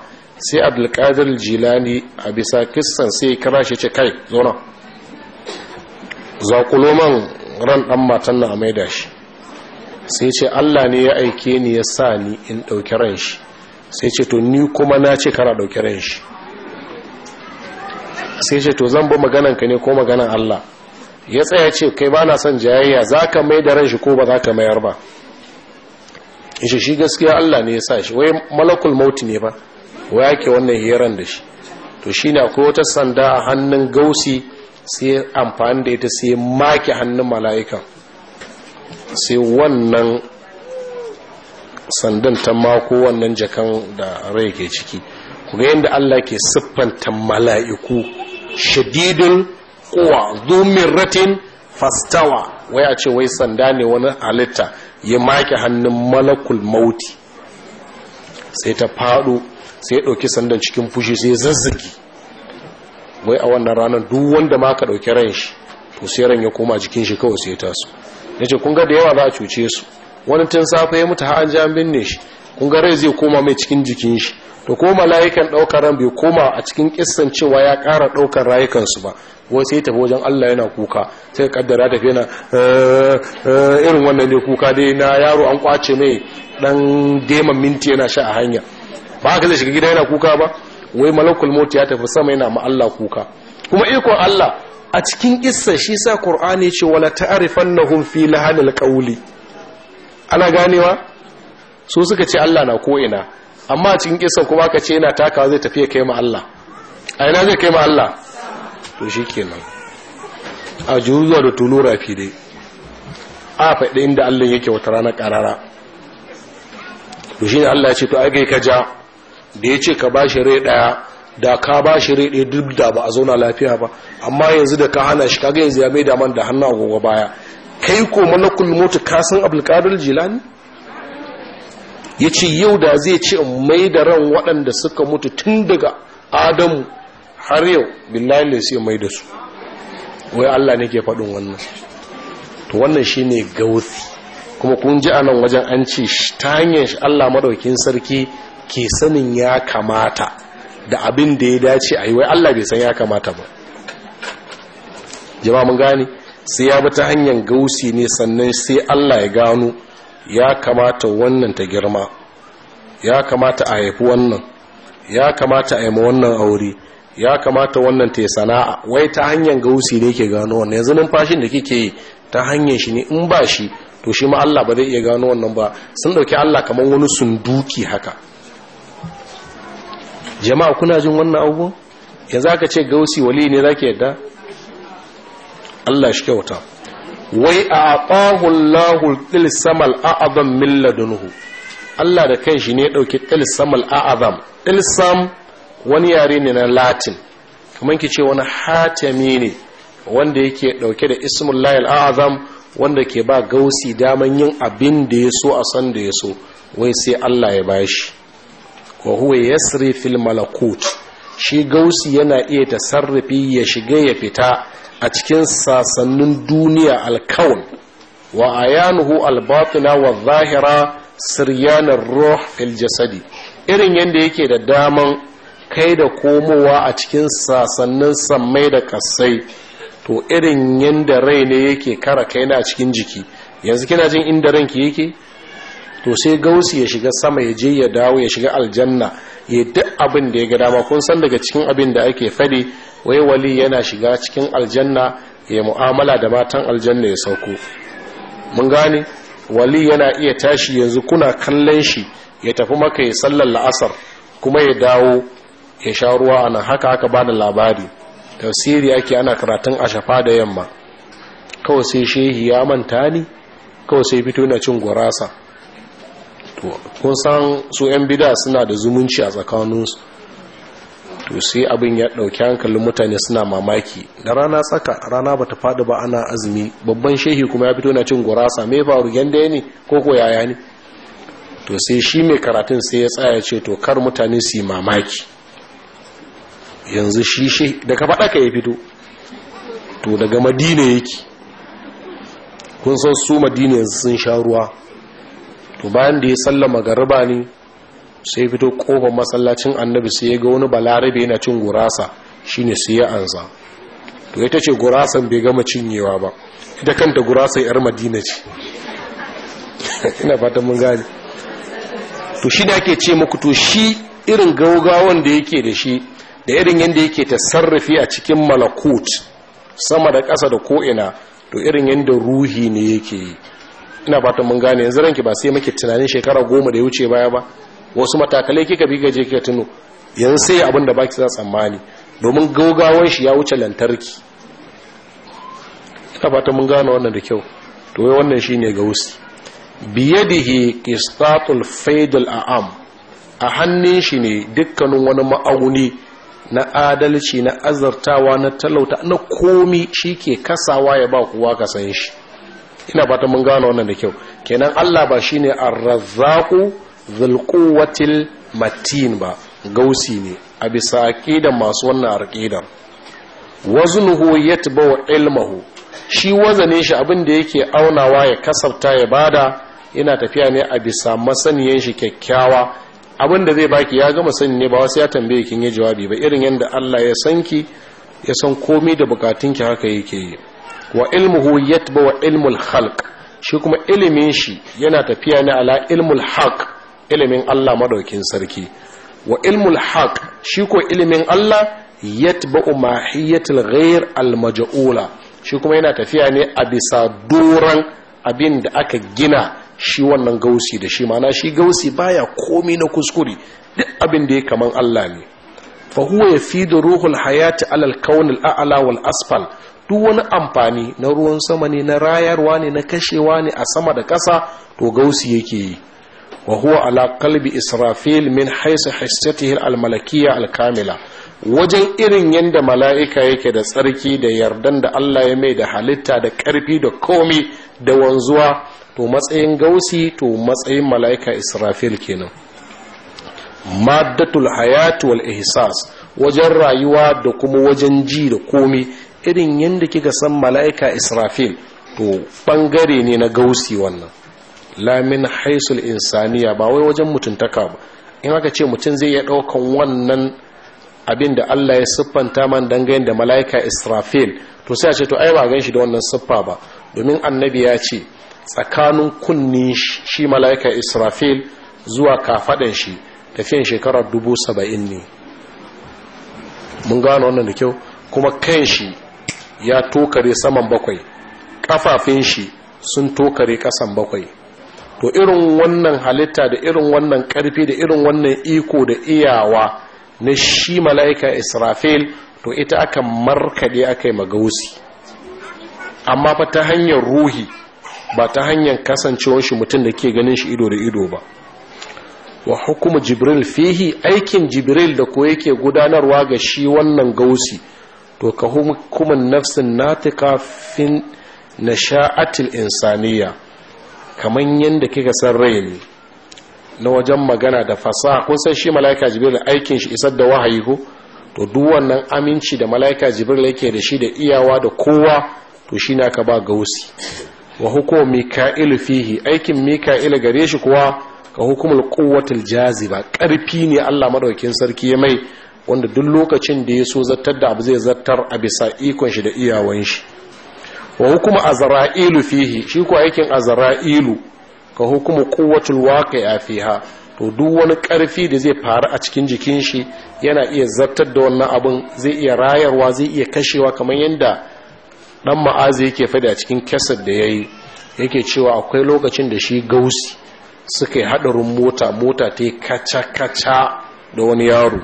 sai abdulkadir jilani a bisa kissan sai kira shi ce kai zona zakuloman ran ɗan matan na mai da shi sai ce allah ne ya aike ni ya sa ni in ɗauki ran shi sai ce to ni kuma na ce kara ɗauki ran shi sai ce to zan bi maganan ka ne ko maganan Allah ya tsaya ce kai ba na son jayayya za ka mai da ran shi ko ba za ka mayar ba ishe shi gaskiya Allah ne ya sa shi wai malakul mauti ne ba wai ake wannan hiran da shi to shi na ko wata sanda a hannun gausi sai amfani da ita sai maki hannun mala'ikan sai wannan sandan ta mako wannan jakan da rai ke ciki ku ga yadda Allah ke siffanta mala'iku shadidul quwa dhu fastawa wai a ce wai sanda ne wani halitta ya make hannun malakul mauti sai ta faɗo sai ya ɗauki sandan cikin fushi sai zazzaki wai a wannan ranar duk wanda ma ka ɗauki ran shi to sai ran ya koma jikin shi kawai sai taso ya kun ga da yawa za a cuce su wani tun safe ya mutu har an binne shi kun ga rai zai koma mai cikin jikin shi to ko mala'ikan daukar ran bai koma a cikin kissan cewa ya kara daukar rayukan su ba wai sai tafi wajen Allah yana kuka sai kaddara tafi yana eh, eh, irin wannan ne kuka dai na yaro an kwace mai dan deman minti yana sha a hanya ba ka zai shiga gida yana kuka ba wai malakul mauti ya tafi sama yana ma Allah kuka kuma iko Allah a cikin kissa shi sa Qur'ani ce wala ta'rifannahum fi lahanil qawli ana ganewa su suka ce Allah na ko'ina amma cikin kisan kuma aka ce yana takawa zai tafiya kai ma Allah a ina zai kai ma Allah to shi kenan a zuwa da tulu rafi dai a faɗi inda Allah yake wata rana ƙarara to shi ne Allah ya ce to agai ka ja da ya ce ka ba shi rai ɗaya da ka ba shi rai ɗaya duk da ba a zauna lafiya ba amma yanzu da ka hana shi kaga yanzu ya mai da man da hannu a gogo baya kai ko malakul mutu ka san abdulkadir jilani ya ce yau da zai ce in mai da ran waɗanda suka mutu tun daga adamu har yau billahi ne sai mai da su wai allah ne ke faɗin wannan to wannan shi ne gauti kuma kun ji a nan wajen an ce ta hanyar shi allah maɗaukin sarki ke sanin ya kamata da abin da ya dace a yi wai allah bai san ya kamata ba jama'a mun gane sai ya bi ta hanyar gausi ne sannan sai allah ya gano ya kamata wannan ta girma ya kamata a haifi wannan ya kamata a yi ma wannan aure ya kamata wannan ta sana'a wai ta hanyar gausi ne ke gano wannan yanzu numfashin da kike yi ta hanyar shi ne in ba shi to shi ma Allah ba zai iya gano wannan ba sun dauki Allah kamar wani sunduki haka jama'a kuna jin wannan abu yanzu aka ce gausi wali ne zaki yadda Allah shi kyauta wai a lahul tilsamal a'azam min ladunhu Allah da kai shi ne ya ɗauki tilsamal a'azam tilsam wani yare ne na latin kamar ki ce wani hatami ne wanda yake ɗauke da ismullahi a'azam wanda ke ba gausi daman yin abin da ya so a san da ya so wai sai Allah ya bashi ko huwa yasri fil malakut shi gausi yana iya tasarrufi ya shiga ya fita a cikin sasannin duniya alkawun wa a yanuhu albatina wa zahira siryanar roh fil jasadi irin yadda yake da daman kai da komowa a cikin sasannin sammai da kasai to irin yadda rai ne yake kara kai na cikin jiki yanzu kina jin inda ranki yake to sai gausi ya shiga sama ya je ya dawo ya shiga aljanna ya duk abin da ya ga dama kun san daga cikin abin da ake fadi wai wali yana shiga cikin aljanna ya mu'amala da matan aljanna ya sauko mun gane wali yana iya tashi yanzu kuna kallon shi ya tafi maka ya sallar la'asar kuma ya dawo ya sha ruwa a nan haka aka ba da labari tafsiri ake ana karatun a shafa da yamma kawai sai shehi ya manta ni kawai sai fito na cin gurasa kun san su 'yan bida suna da zumunci a tsakaninsu to sai abin ya ɗauki hankalin mutane suna mamaki da rana tsaka rana bata faɗi ba ana azumi babban shehi kuma ya fito na cin gurasa mai faru yanda ne ko ko yaya ne to sai shi mai karatun sai ya tsaya ce to kar mutane su yi mamaki yanzu shi shi daga faɗa ka ya fito to daga madina yake kun san su madina yanzu sun sha ruwa to bayan da ya sallama magariba ne sai fito kofar masallacin annabi sai ya ga wani balarabe yana cin gurasa shi ne sai ya anza. to ita ce gurasan bai gama cinyewa ba ita kanta gurasa yar madina ce <laughs> ina fatan mun gane to shi da ake ce muku to shi irin gaugawan da yake da shi da irin yadda yake ta sarrafi a cikin malakut sama da ƙasa da ko'ina to irin yadda ruhi ne yake yi ina fatan mun gane yanzu ranki ba sai muke tunanin shekara goma da ya wuce baya ba wasu matakalai kika bi gaje kika tuno yanzu sai abin da baki za tsammani domin gaugawan shi ya wuce lantarki ina fatan mun gane wannan da kyau to wai wannan shine gausi yadihi qistatul faidul a'am a hannun shi ne dukkanin wani ma'auni na adalci na azartawa na talauta na komi shi ke kasawa ya ba kowa ka san shi ina ba ta mun gano wannan da kyau kenan Allah ba shine ar-razzaqu quwwatil matin ba gausi ne a bisa aqidar masu wannan aqidar waznuhu yatba'u ilmuhu shi wazane shi abin da yake aunawa ya kasabta ya bada ina tafiya ne a bisa masaniyan shi kyakkyawa abin da zai baki ya gama sani ne ba wasu ya tambaye kin yi jawabi ba irin yadda Allah ya sanki ya san komai da bukatunki haka yake yi wa ilmuhu yatba wa ilmul khalq shi kuma ilimin shi yana tafiya ne ala ilmul haq ilimin Allah madaukin sarki wa ilmul haq shi ko ilimin Allah yatba mahiyatul ghair al maj'ula shi kuma yana tafiya ne a bisa doran abin da aka gina shi wannan gausi da shi mana shi gausi baya komi na kuskure duk abin da ya kaman Allah ne fa huwa yafidu ruhul hayati alal kaunil a'la wal asfal duk wani amfani na ruwan sama ne na rayarwa ne na kashewa ne a sama da ƙasa to gausi yake yi wa huwa ala kalbi israfil min haythu hissatihi al alkamila wajen irin yadda mala'ika yake da tsarki da yardan da Allah ya mai da halitta da karfi da komi da wanzuwa to matsayin gausi to matsayin mala'ika israfil kenan maddatul hayat wal ihsas wajen rayuwa da kuma wajen ji da komi irin yadda kika san mala'ika israfil to ɓangare ne na gausi wannan lamin haisul insaniya ba wai wajen mutuntaka ba in aka ce mutum zai iya ɗaukan wannan abin da allah ya siffanta man dangane da mala'ika israfil to sai a ce to ai ba gan shi da wannan siffa ba domin annabi ya ce tsakanin kunni shi mala'ika israfil zuwa kafaɗan shi tafiyan shekarar dubu saba'in ne mun gano wannan da kyau kuma kan shi ya tokare saman bakwai kafafin shi sun tokare kasan bakwai to irin wannan halitta da irin wannan karfi da irin wannan iko da iyawa na shi mala'ika israfil to ita aka markade aka yi magausi amma fa ta hanyar ruhi ba ta hanyar kasancewar shi mutum da ke ganin shi ido da ido ba wa hukumu jibril fihi aikin jibril da ko yake gudanarwa ga shi wannan gausi to ka kuma nafsin natika fin nasha'atil insaniya kamar yadda kika san rai ne na wajen magana da fasaha kun san shi mala'ika jibril aikin shi isar da wahayi ko to duk wannan aminci da mala'ika jibril yake da shi da iyawa da kowa to shi na ka ba gausi wa hukuma mika'ilu fihi aikin mika'ilu gare shi kuwa ka hukumul jazi ba Ƙarfi ne Allah maɗaukin sarki ya mai wanda duk lokacin da ya so zartar da abu zai zartar a bisa ikon shi da iyawan shi wa hukuma azra'ilu fihi shi ko aikin azra'ilu ka hukuma quwwatul waqi'a fiha to duk wani karfi da zai faru a cikin jikin shi yana iya zartar da wannan abin zai iya rayarwa zai iya kashewa kamar yadda dan ma'azi yake faɗi a cikin kasar da yayi yake cewa akwai lokacin da shi gausi suka yi hadarin mota mota ta kaca kaca da wani yaro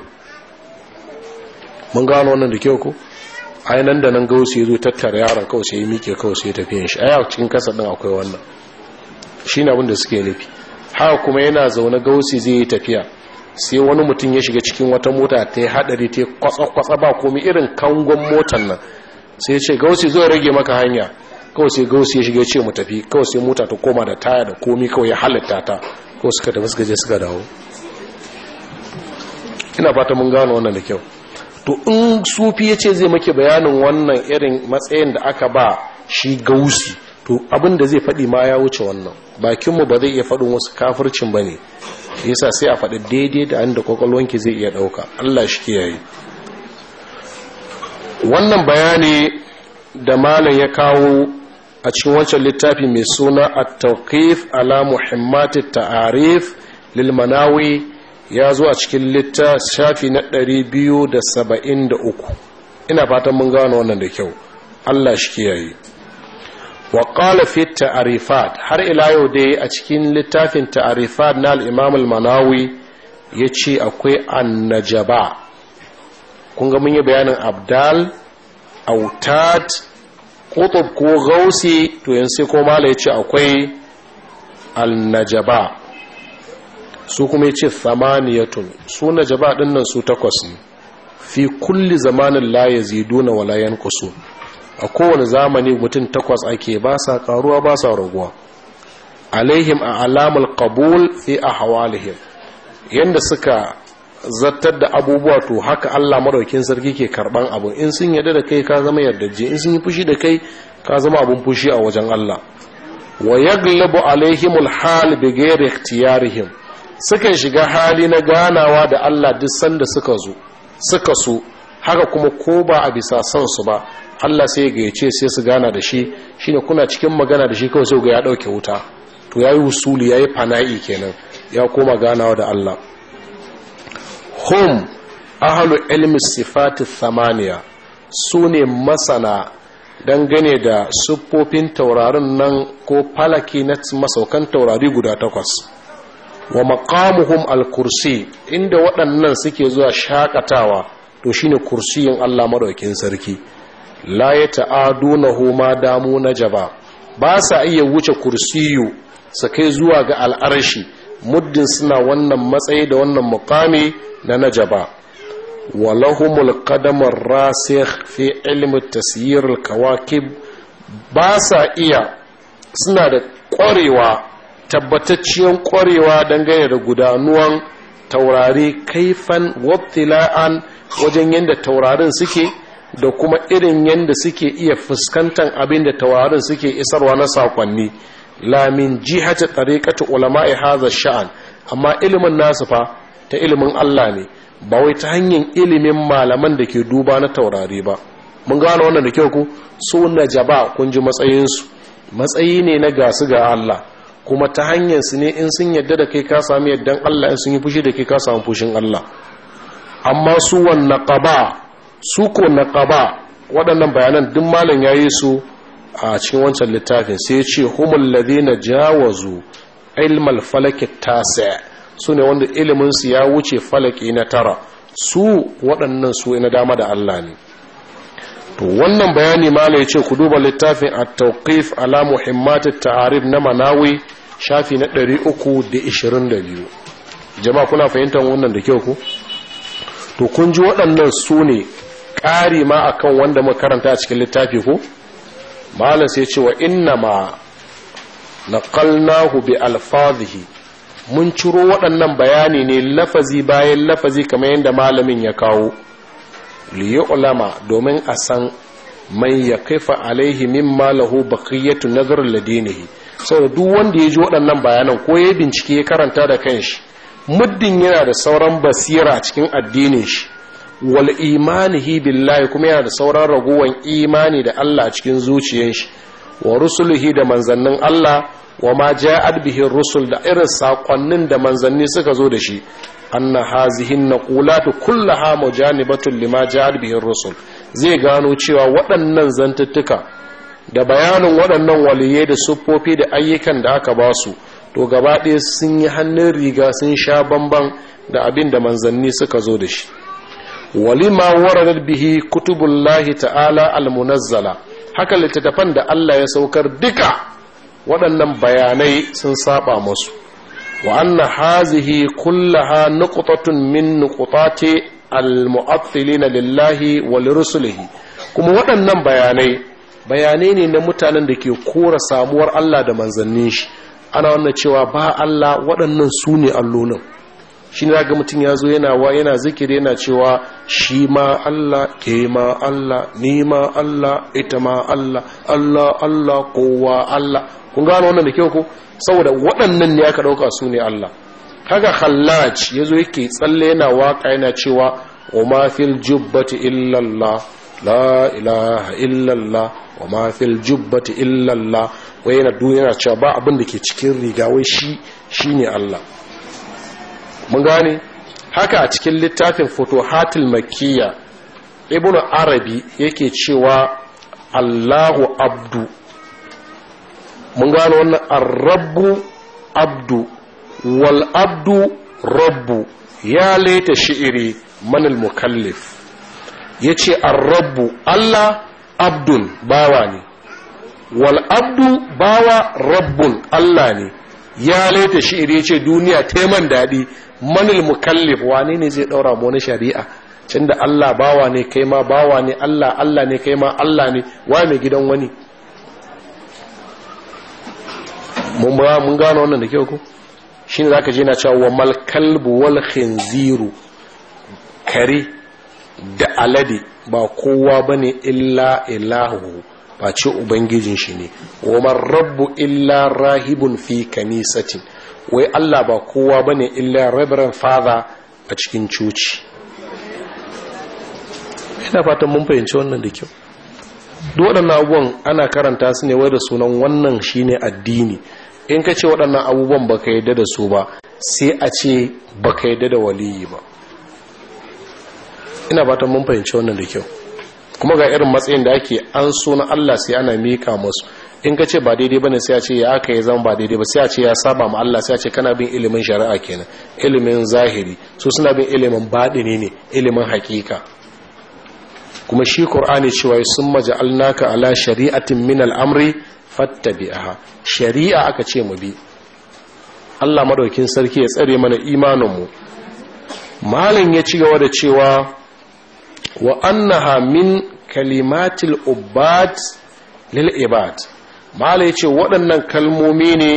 mun gano wannan da kyau ko ai nan da nan gausu yazo tattara yaron kawai sai mike kawai sai tafiyan shi ai a cikin kasa din akwai wannan shine abin da suke nufi haka kuma yana zaune wasu zai yi tafiya sai wani mutum ya shiga cikin wata mota ta yi hadari ta kwatsa-kwatsa ba komi irin kangon motar nan sai ce wasu zai rage maka hanya kawai sai wasu ya shiga ce mu tafi kawai sai mota ta koma da taya da komi kawai ya halitta ta kawai suka tafi suka je suka dawo ina fata mun gano wannan da kyau to in sufi ya ce zai maki bayanin wannan irin matsayin da aka ba shi gausi to abinda zai faɗi ma ya wuce wannan bakinmu ba zai iya faɗin wasu kafircin ba ne yasa sai a faɗi daidai da an da kwakwalwanki zai iya ɗauka allah shi kiyaye wannan bayani da malam ya kawo a cikin wancan littafi mai suna at-tawqif ala muhimmati ta'arif lil ya zo a cikin litta shafi na uku. ina fatan mun gano wannan da kyau Allah shi kiyaye wa qala fi ta'rifat har ila yau dai a cikin littafin ta'rifat na al-Imam al-Manawi yace akwai annajaba kun ga mun yi bayanin abdal autat qutb ko gausi to yanzu ko mala yace akwai al-najaba su kuma yace samaniyatun su najaba din nan su takwas ne fi kulli zamanin la yaziduna wala yanqusu a kowane zamani mutum takwas ake ba sa karuwa ba sa raguwa alaihim a alamul qabul fi ahwalihim yanda suka zartar da abubuwa to haka Allah madaukin sarki ke karban abu in sun yarda da kai ka zama yardaje in sun yi fushi da kai ka zama abun fushi a wajen Allah wa yaglabu alaihimul hal bi ikhtiyarihim sukan shiga hali na ganawa da Allah duk sanda suka zo suka so haka kuma ko ba a bisa son su ba Allah sai ya gayyace sai su gana da shi shine kuna cikin magana da shi kawai sai ga ya dauke wuta to yayi usuli yayi fana'i kenan ya koma ganawa da Allah hum ahlu ilmi sifati thamaniya sune masana dangane da siffofin taurarin nan ko falaki na masaukan taurari guda takwas wa maqamuhum al-kursi inda waɗannan suke zuwa shakatawa to shine kursiyin Allah madaukin sarki la yata'adunahu ma damu najaba ba sa iya wuce kursiyu su kai zuwa ga al'arshi muddin suna wannan matsayi da wannan muqami na najaba wa lahumul qadamur rasikh fi ilmi tasyir al-kawakib ba sa iya suna da ƙwarewa tabbatacciyar ƙwarewa dangane da gudanuwan taurari kaifan wattila'an wajen yadda taurarin suke da kuma irin yadda suke iya fuskantar abin da taurarin suke isarwa na saƙonni lamin jihata ulama ulama'i haza sha'an amma ilimin nasu fa ta ilimin Allah ne ba wai ta hanyar ilimin malaman da ke duba na taurari ba mun gane wannan da kyau ku su na jaba kun ji matsayinsu matsayi ne na gasu ga Allah kuma ta hanyar su ne in sun yadda da kai ka sami yaddan Allah in sun yi fushi da kai ka samu fushin Allah amma su wan naqaba su ko naqaba waɗannan bayanan duk malam yi su a cikin wancan littafin sai ya ce humul ladina jawazu ilmal falaki tasa su ne wanda ilimin ya wuce falaki na tara su waɗannan su ina dama da Allah ne to wannan bayani malai ce ku duba littafin at-tawqif ala muhimmat at-ta'arif na manawi shafi na 322 jama'a kuna fahimtar wannan da kyau ku to kun ji waɗannan su ne ƙari ma akan wanda muka karanta a cikin littafi ko malam sai ce wa inna ma naqalnahu bi alfazihi mun ciro waɗannan bayani ne lafazi bayan lafazi kamar yadda malamin ya kawo liyulama domin a san mai ya kaifa alaihi mimma lahu baqiyatu nazar ladinihi saboda duk wanda ya ji waɗannan bayanan ko ya bincike ya karanta da kanshi muddin yana da sauran basira cikin addinin shi wal imanihi billahi kuma yana da sauran ragowan imani da Allah cikin zuciyar shi wa rusulihi da manzannin Allah wa ma ja'at bihi rusul da irin sakonnin da manzanni suka zo da shi anna hazihin naqulatu kullaha mujanibatun lima ja'at bihi rusul zai gano cewa waɗannan zantuttuka da bayanin waɗannan waliyai da siffofi da ayyukan da aka ba su to gaba ɗaya sun yi hannun riga sun sha bamban da abin da manzanni suka zo da shi walima waradat bihi kutubullahi ta'ala almunazzala haka littattafan da Allah ya saukar duka waɗannan bayanai sun saba masu wa anna hazihi kullaha nuqtatun min nuqtati al na lillahi wa lirsulihi kuma waɗannan bayanai bayanai ne na mutanen da ke kora samuwar Allah da manzannin shi ana wannan cewa ba Allah waɗannan su ne shi na ga mutum ya zo yana wa yana zikiri yana cewa shi ma Allah ke ma Allah ni ma Allah ita ma Allah Allah Allah kowa Allah kun gano wannan da kyau ko saboda waɗannan ne aka ɗauka su ne Allah kaga khallaj ya zo yake tsalle yana waka yana cewa wa ma fil jubbati illa Allah la ilaha illa Allah wa ma fil jubbati illa Allah wai yana duniya cewa ba abin da ke cikin riga wai shi shine Allah mun gane haka a cikin littafin fotohatul makiya ibnu arabi yake cewa allahu abdu mun gane wannan arrabu abdu wal abdu rabbu ya laita shi'iri manil mukallif ya ce arrabu allah abdun bawa ne wal abdu bawa rabbun allah ne ya laita shi'iri ya ce duniya taiman daɗi manil mukallif wane ne zai daura mu na shari'a can da Allah bawa ne kai ma bawa ne Allah Allah ne kai ma Allah ne wa mai gidan wani mun ba mun gano wannan da kyau ko shine zaka je na cewa wa mal kalbu wal khinziru kare da alade ba kowa bane illa ilahu ba ce ubangijin shi ne wa man rabbu illa rahibun fi kanisatin wai Allah ba kowa ba ne illa reverend father a cikin coci ina fatan mun fahimci wannan da kyau duk waɗannan abubuwan ana karanta su ne wai da sunan wannan shine addini in ka ce waɗannan abubuwan ba ka yadda da su ba sai a ce ba ka yadda da waliyi ba ina fatan mun fahimci wannan da kyau kuma ga irin matsayin da ake an suna Allah sai ana mika musu in ka ce ba daidai bane sai a ce ya aka yi zama ba daidai ba sai a ce ya saba ma Allah sai a ce kana bin ilimin shari'a kenan ilimin zahiri so suna bin ilimin baɗi ne ilimin hakika kuma shi qur'ani cewa sun alnaka ala shari'atin min al'amri fattabi'aha shari'a aka ce mu bi Allah madaukin sarki ya tsare mana imaninmu malam ya ci gaba da cewa wa annaha min kalimatil ubbad lil ibad mala ya ce waɗannan kalmomi ne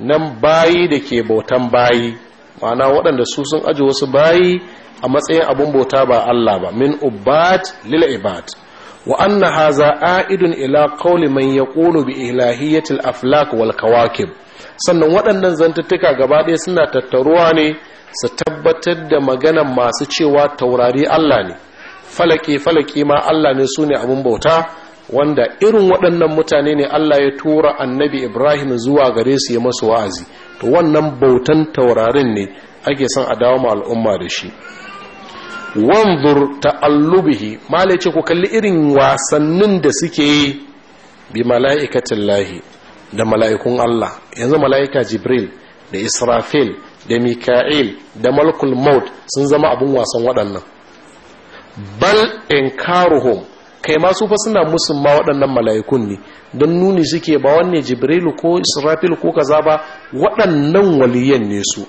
nan bayi da ke bautan bayi ma'ana waɗanda su sun aji wasu bayi a matsayin abin bauta ba Allah ba min ubat lil ibad wa anna haza a'idun ila qawli man yaqulu bi ilahiyatil aflak wal kawakib sannan waɗannan zantattuka gaba ɗaya suna tattaruwa ne su tabbatar da maganan masu cewa taurari Allah ne falaki falaki ma Allah ne su ne abin bauta wanda irin waɗannan mutane ne Allah ya tura annabi Ibrahim zuwa gare su ya masu wa'azi to wannan bautan taurarin ne ake son a dawo ma al'umma da shi wanzur ta'allubihi mala ku kalli irin wasannin da suke yi bi mala'ikatin lahi da mala'ikun Allah yanzu mala'ika Jibril da Israfil da Mika'il da Malkul Maut sun zama abin wasan waɗannan bal inkaruhum kai ma su fa suna musun ma waɗannan mala'ikun ne don nuni suke ba wanne jibrilu ko israfil ko kaza ba waɗannan waliyan ne su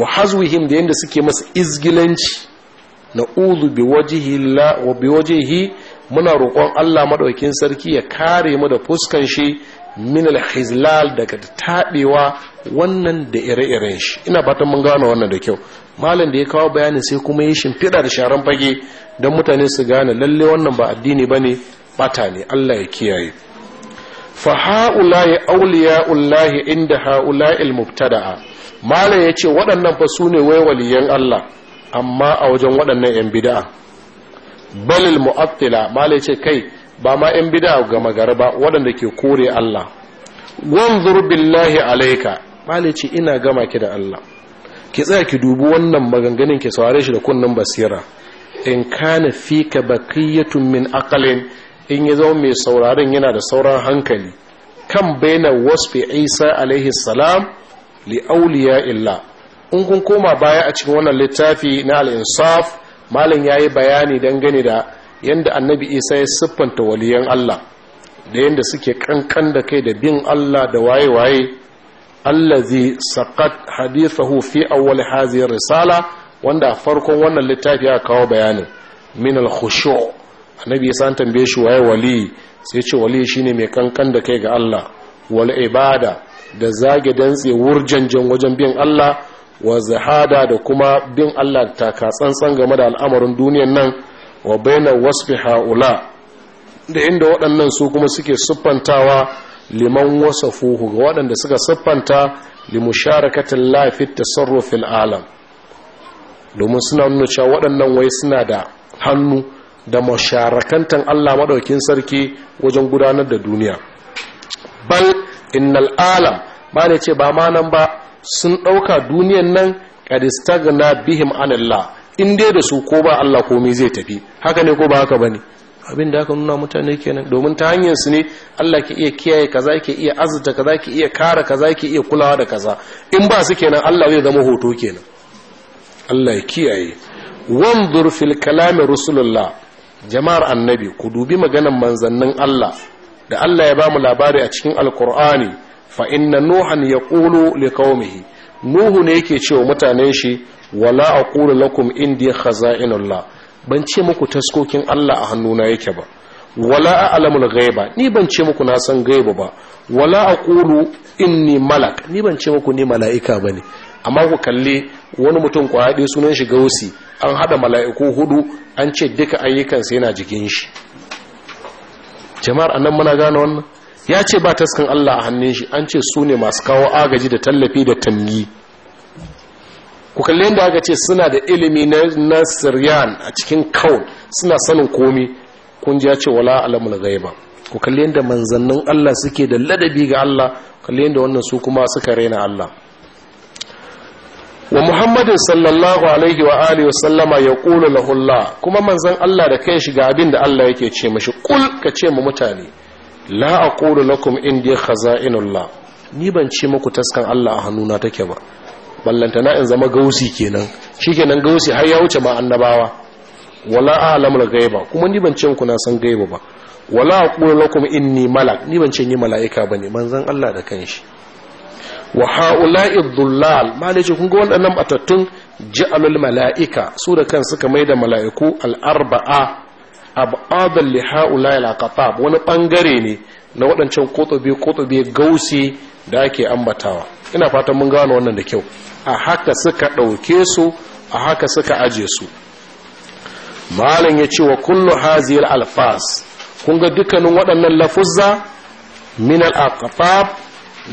wa hazwihim da yanda suke masa izgilanci na uzu bi wajihi la muna roƙon Allah maɗaukin sarki ya kare mu da fuskan shi min al daga taɓewa wannan da ire-iren shi ina fatan mun gano wannan da kyau malam da ya kawo bayanin sai kuma yi shimfiɗa da sharan fage don mutane su gane lalle wannan ba addini ba ne ɓata ne allah ya kiyaye fa ha'ulaye ullahi inda ha'ula'il mubtada'a malam ya ce waɗannan fa su ne wai waliyan allah amma a wajen waɗannan 'yan bida'a balil mu'attila malam ya ce kai ba ma 'yan bida'a ga magara ba waɗanda ke kore allah wanzur billahi alaika malam ce ina gama ki da allah ki tsaya ki dubi wannan maganganun ki saware shi da kunnan basira in kana fika bakiyatun min aqalin in ya zama mai sauraron yana da sauran hankali kan baina wasfi isa alaihi salam li auliya illa in kun koma baya a cikin wannan littafi na al-insaf malam yayi bayani dangane da yanda annabi isa ya siffanta waliyan Allah da yanda suke kankan da kai da bin Allah da waye waye allazi saqat hadithahu fi awwal hadhihi risala wanda farkon wannan littafi ya kawo bayanin min al-khushu' annabi san tambaye shi waye wali sai ce wali shine mai kankan da kai ga Allah wal ibada da zage dantse wurjanjan wajen bin Allah wa zahada da kuma bin Allah taka tsantsan game da al'amarin duniyar nan wa baina wasfi haula da inda waɗannan su kuma suke siffantawa liman wasafuhu ga waɗanda suka siffanta limusharakatin lafi tasarrufin alam domin suna nuna cewa waɗannan wai suna da hannu da masharakantan Allah maɗaukin sarki wajen gudanar da duniya bal innal alam ba ne ce ba ma ba sun ɗauka duniyan nan na bihim anallah in dai da su ko ba Allah komai zai tafi haka ne ko ba haka ne? abin da aka nuna mutane kenan domin ta hanyar su ne Allah ke iya kiyaye kaza ke iya azurta kaza ke iya kara kaza ke iya kulawa da kaza in ba su kenan Allah zai zama hoto kenan Allah ya kiyaye wanzur fil kalami rusulullah jama'ar annabi ku dubi maganan manzannin Allah da Allah ya ba mu labari a cikin alkur'ani fa inna nuhan yaqulu liqaumihi nuhu ne yake cewa mutanen shi wala aqulu lakum indi khaza'inullah ban ce muku taskokin Allah a hannuna yake ba wala a'lamul ghaiba ni ban ce muku na san gaiba ba wala aqulu inni malak ni ban ce muku ni mala'ika ba ne. amma ku kalle wani mutum kwaɗe sunan shi gausi an haɗa mala'iku hudu an ce duka ayyukansa yana jikin shi jama'ar annan muna gane wannan ya ce ba taskan Allah a hannun shi an ce su ne masu kawo agaji da tallafi da tangi ku kalli yadda aka ce suna da ilimi na siryan a cikin kawun, suna sanin komi kun ji ya ce wala alamul gaiba ku kalli yadda manzannin Allah suke da ladabi ga Allah kalli yadda wannan su kuma suka raina Allah wa Muhammadu sallallahu alaihi wa alihi sallama ya kula lahulla kuma manzan Allah da kai shiga abin da Allah yake ce mashi kul ka ce mu mutane la aqulu lakum indi khaza'inullah ni ban ce muku taskan Allah a hannuna take ba ballantana in zama gausi kenan shi kenan gausi har ya wuce ma annabawa wala alamul gaiba kuma ni ban ce ku na san gaiba ba wala aqulu lakum inni malak ni ban ce ni mala'ika bane manzon Allah da kanshi wa haula'i dhullal malaje kun ga waɗannan matattun ja'alul mala'ika su da kan suka maida mala'iku al-arba'a abadan li haula'i al-qatab wani bangare ne na waɗancan kotobe kotobe gausi da ake ambatawa ina fatan mun gano wannan da kyau a haka suka ɗauke su a haka suka aje su malam ya ce wa kullu haziyar alfas kun ga dukkanin waɗannan lafuzza min al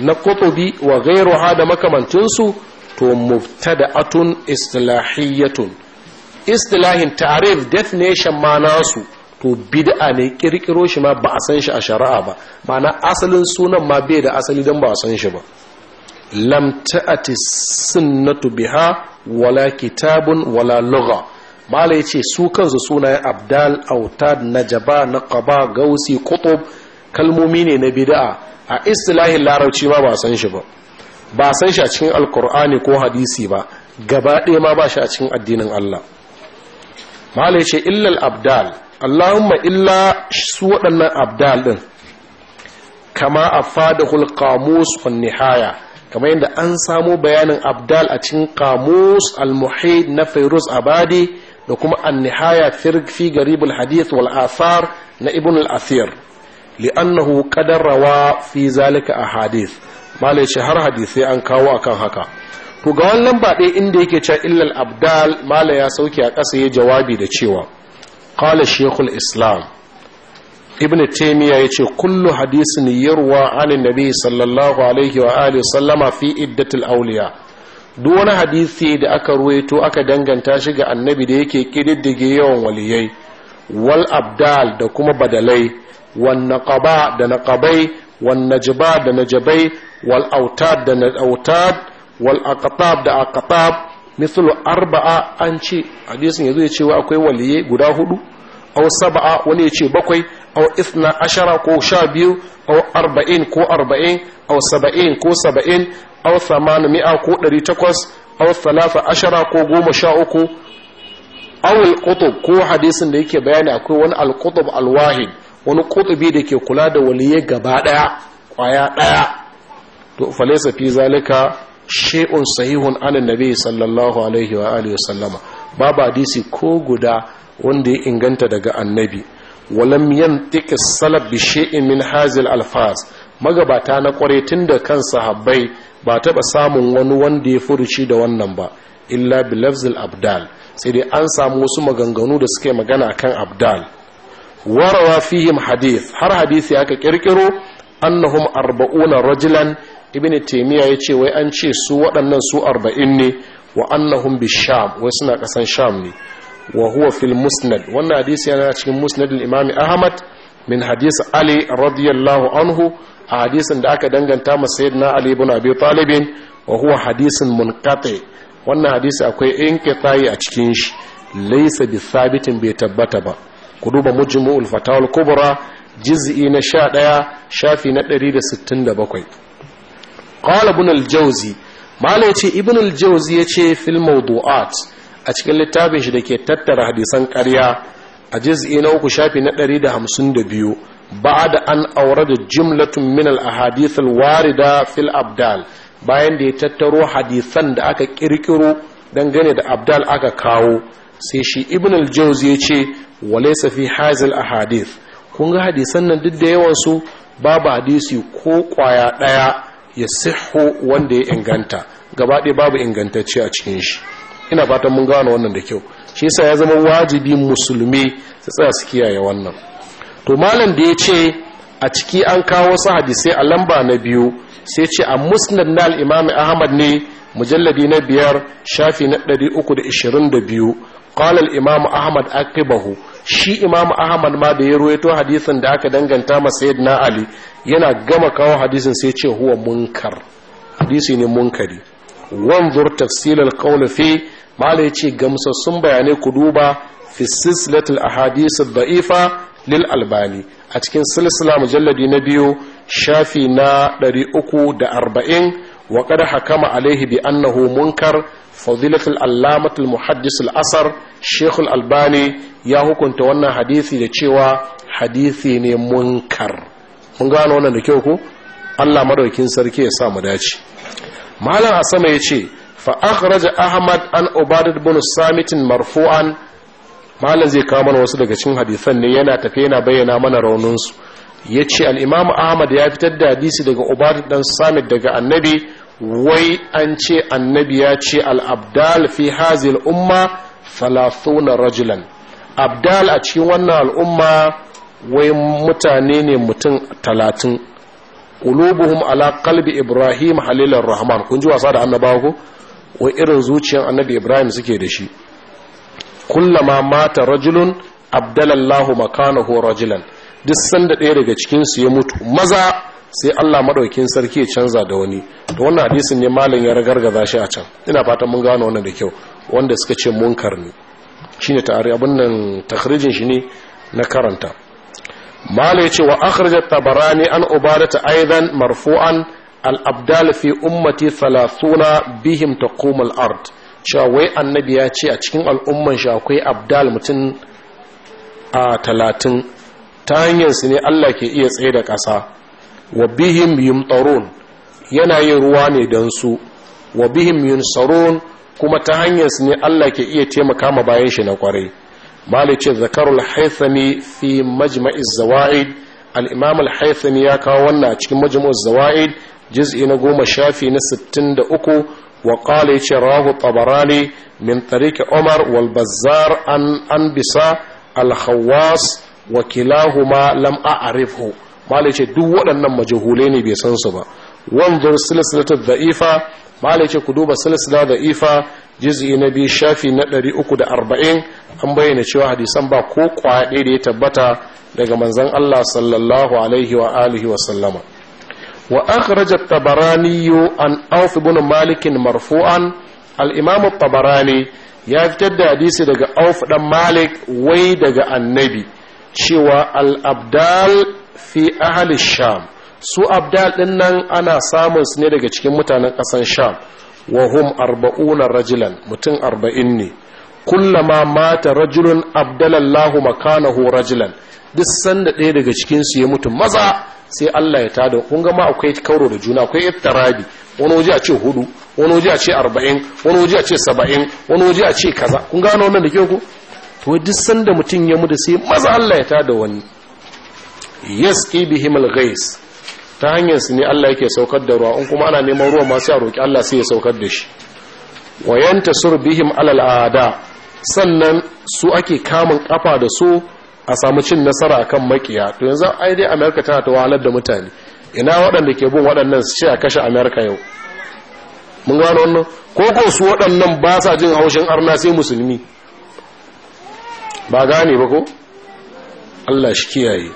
na kutubi wa ghayruha da makamantinsu to mubtada'atun istilahiyyatun istilahin tarif definition ma nasu to bid'a ne kirkiro shi ma ba a san shi a shari'a ba mana asalin sunan ma bai da asali don ba a san shi ba lam ta'ati sunnatu biha wala kitabun wala lugha mala yace su kansu sunayen abdal autad najaba naqaba gausi qutub kalmomi ne na bid'a a istilahin larabci ma ba san shi ba ba san shi a cikin alkur'ani ko hadisi ba gaba ɗaya ma ba shi a cikin addinin Allah mala yace illal abdal allahumma illa su waɗannan abdal din kama afadahul qamus wan nihaya kamar yadda an samo bayanin abdal a cikin kamus al-muhid na fairuz abadi da kuma annihaya nihaya fi garibul hadith wal athar na ibn al-athir li'annahu qadarawa fi zalika ahadith malai shi har hadisi an kawo akan haka to ga wannan ba dai inda yake cewa illal abdal malai ya sauke a ƙasa ya jawabi da cewa qala shaykhul islam ibn taymiya yace kullu hadisin yarwa anin nabi sallallahu alaihi wa alihi sallama fi iddatil awliya duk wani hadisi da aka ruwaito aka danganta shi ga annabi da yake kididdige yawan waliyai wal abdal da kuma badalai wan naqaba da naqabai wan najba da najabai wal autad da autad wal aqtab da aqtab mithlu arba'a an ce hadisin yazo ya ce akwai waliyai guda hudu aw sab'a wani ya ce bakwai aw ithna ashara ko sha biyu aw arba'in ko arba'in aw saba'in ko saba'in aw thamanu mi'a ko ɗari takwas aw thalatha ashara ko goma sha uku aw al-qutub ko hadisin da yake bayani akwai wani al-qutub al-wahid wani qutubi da ke kula da waliyai gaba daya kwaya ɗaya. to falaysa fi zalika shay'un sahihun an annabi sallallahu alaihi wa alihi wasallama babu hadisi ko guda wanda ya inganta daga annabi walam yantika salaf bi shay'in min hazil alfaz magabata na kware tun da kan sahabbai ba taɓa samun wani wanda ya furuci da wannan ba illa bi lafzil abdal sai dai an samu wasu maganganu da suke magana kan abdal warawa fihim hadith har hadisi aka kirkiro annahum arba'una rajulan ibn taymiya yace wai an ce su waɗannan su arba'in ne wa annahum bi sham wai suna ƙasan sham ne wa huwa fil musnad wannan hadisi yana cikin musnad al-imam ahmad min hadis ali radiyallahu anhu a hadisin da aka danganta ma sayyidina ali ibn abi talib wa huwa hadisin munqati wannan hadisi akwai inqita'i a cikin shi laysa bi thabitin bai tabbata ba ku duba mujmu'ul fatawul kubra juz'i na 11 shafi na 167 qala ibn al-jawzi malai ce ibn al-jawzi yace fil mawdu'at a cikin littafin shi da ke tattara hadisan ƙarya a jiz'i na uku shafi na ɗari da hamsin da biyu ba da an aura da jimlatun min al-ahadith al-warida fil abdal bayan da ya tattaro hadisan da aka kirkiro dangane da abdal aka kawo sai shi ibn al-jawzi ya ce walaysa fi hazil ahadith kun ga hadisan nan duk da yawansu su babu hadisi ko kwaya daya ya sihu wanda ya inganta gaba ɗaya babu ingantacce a cikin shi ina fatan mun gano wannan da kyau shi yasa ya zama wajibi musulmi su tsaya su kiyaye wannan to malam da ya ce a ciki an kawo wasu hadisai a lamba na biyu sai ce a musnad na al-imam ahmad ne mujalladi na biyar shafi na 322 qala al-imam ahmad aqibahu shi imam ahmad ma da ya ruwaito hadisin da aka danganta ma sayyidina ali yana gama kawo hadisin sai ce huwa munkar hadisi ne munkari wanzur tafsilal qawl fi mala yace gamsassun bayanai ku duba fi silsilatul ahadith daifa lil albani a cikin silsila mujalladi na biyu shafi na 340 wa qad hakama alaihi bi annahu munkar fadilatul allamatul muhaddis al-asar shekul albani ya hukunta wannan hadisi da cewa hadisi ne munkar mun gano wannan da kyau ko Allah madaukin sarki ya sa mu dace malam a sama ce. fa akhraja ahmad an ubadat bin samitin marfu'an malam zai kawo mana wasu daga cikin hadisan ne yana tafe yana bayyana mana raunin su yace al-imam ahmad ya fitar da hadisi daga ubadat dan samit daga annabi wai an ce annabi ya ce al-abdal fi hazil umma 30 rajulan abdal a cikin wannan al'umma wai mutane ne mutum talatin ƙulubuhum ala kalbi ibrahim halilar rahman kun ji wasa da annabawa ko wai irin zuciyar annabi ibrahim suke da shi kullama mata rajulun abdalallahu makanahu rajulan duk sanda ɗaya daga cikinsu ya mutu maza sai allah maɗaukin sarki ya canza da wani to wannan hadisin ne malin ya ragargaza shi a can ina fata mun gano wannan da kyau wanda suka ce munkar ne shine tare abin nan takhrijin shi ne na karanta ya ce wa akhrajat tabarani an ubadata aidan marfu'an al'abdal fi ummati salasuna bihim ta komal art Shawai annabi ya ce a cikin al'umman shi akwai abdal mutum a talatin ta hanyarsu ne allah ke iya tsaye da ƙasa wa bihim tsaron. yana yin ruwa ne don su wa bihim tsaron kuma ta hanyarsu ne allah ke iya taimaka ma bayan shi na kwarai malice zakarul haithami fi majma'iz zawa'id al-imam al-haithami ya kawo wannan a cikin majmu'uz zawa'id juz'i na goma shafi na 63 wa qala yace rahu tabarani min tariq umar wal bazzar an anbisa al khawas wa kilahuma lam a'rifhu mala yace duk waɗannan majhulai ne bai san su ba wanzur silsilatu dha'ifa mala yace ku duba silsila dha'ifa juz'i na biyu shafi na arba'in an bayyana cewa hadisan ba ko kwaya ɗaya da ya tabbata daga manzon Allah sallallahu alaihi wa alihi wa sallama wa akhraj at-tabarani an auf ibn malik marfu'an al-imam at-tabarani ya fitar da hadisi daga auf dan malik wai daga annabi cewa al-abdal fi ahli sham su abdal din nan ana samun su ne daga cikin mutanen ƙasan sham wa hum arba'una rajulan mutum arba'in ne kullama mata rajulun abdalallahu makanahu rajulan duk sanda ɗaya daga cikinsu ya mutu maza sai Allah ya tada kun ga akwai kauro da juna akwai ittirabi wani waje a ce hudu wani waje a ce arba'in wani waje a ce saba'in wani waje a ce kaza kun gano wannan da ke ku to duk sanda mutum ya muda sai maza Allah ya tada wani yes bihim alghais ta hanyar su ne Allah yake saukar da ruwa in kuma ana neman ruwa ma sai a roki Allah sai ya saukar da shi wayantasur bihim alal aada sannan su ake kamun kafa da su a samu cin nasara akan makiya to yanzu ai dai america tana ta wahalar da mutane ina waɗanda ke bin waɗannan su ce a kashe america yau mun gano wannan ko ko su waɗannan ba sa jin haushin arna sai musulmi ba gane ba ko Allah shi kiyaye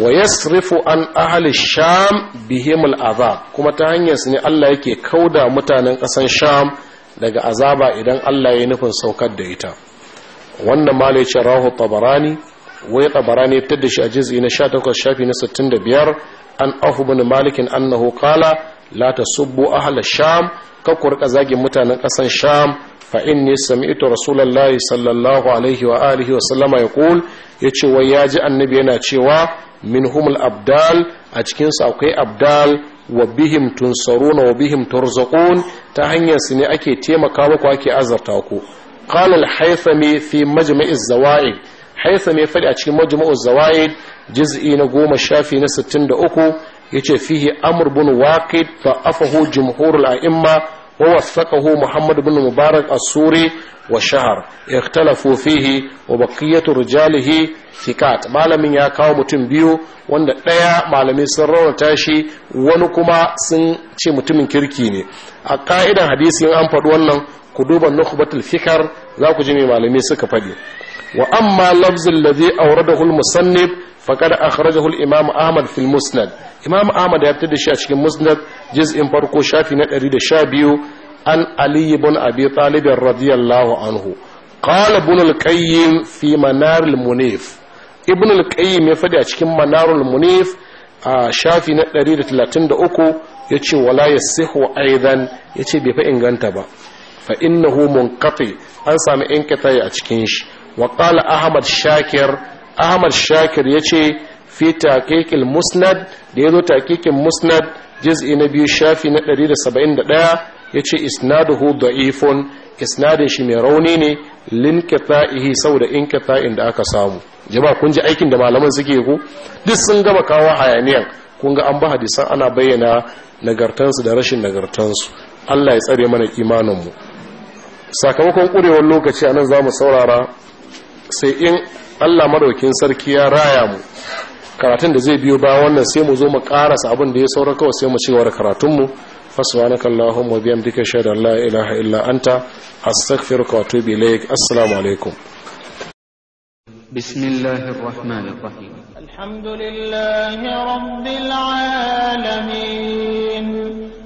wa yasrifu an ahli sham bihim al'azab kuma ta hanyar su ne Allah yake kauda mutanen ƙasar sham daga azaba idan Allah ya yi nufin saukar da ita wannan malai ce rahu tabarani wai tabarani fitar da shi a juz'i na 18 shafi na 65 an ahu malikin annahu kala la tasubbu ahla sham ka zagin mutanen kasan sham fa inni sami'tu rasulullahi sallallahu alaihi wa alihi wa sallama ya yace wai ya ji annabi yana cewa humul abdal a cikinsu akwai abdal wa bihim tunsaruna wa bihim turzaqun ta hanyar su ne ake taimaka muku ake azarta ku qala al-haythami fi majma'iz zawaid haisa mai faɗi a cikin majmu'uz zawaid juz'i na goma shafi na 63 yace fihi amr bin waqid fa afahu jumhurul a'imma wa wasaqahu muhammad bin mubarak as-suri wa shahr ikhtalafu fihi wa baqiyatu rijalihi thiqat malamin ya kawo mutum biyu wanda daya malamai sun raunata shi wani kuma sun ce mutumin kirki ne a ka'idan hadisi an faɗi wannan ku duba nukhbatul fikar za ku ji me malami suka faɗi wa amma lafzin ladhi awradahu al-musannif faqad akhrajahu hul imam ahmad fil musnad imam ahmad ya fitar da shi a cikin musnad juz'in farko shafi na 112 an ali ibn abi talib radiyallahu anhu qala ibn al-qayyim fi manar al-munif ibn al ya faɗi a cikin manar al-munif a shafi na 133 yace wala yasihu aidan yace bai fa inganta ba fa innahu munqati an sami inqita a cikin shi wa ahmad shakir ahmad shakir yace fi taqiqil musnad da ya yazo taqiqin musnad juz'i na biyu shafi na da 171 yace isnaduhu da'ifun isnadin shi mai rauni ne linkata'ihi saboda inkata'in da aka samu jama'a kun ji aikin da malaman suke ku duk sun gama kawo hayaniyan kun ga an ba hadisan ana bayyana nagartansu da rashin nagartansu Allah ya tsare mana imaninmu sakamakon ƙurewar lokaci a nan za saurara sai in allah maraukin sarki ya raya mu karatun da zai biyo ba wannan sai mu zo mu karasa abin da ya saura kawai sai mu ci da karatunmu fasubhanaka allahumma bihamdika shada la ilaha illa anta astaghfiruka wa atubu ilaik assalamu alaikum bismillahir alhamdulillahi rabbil alamin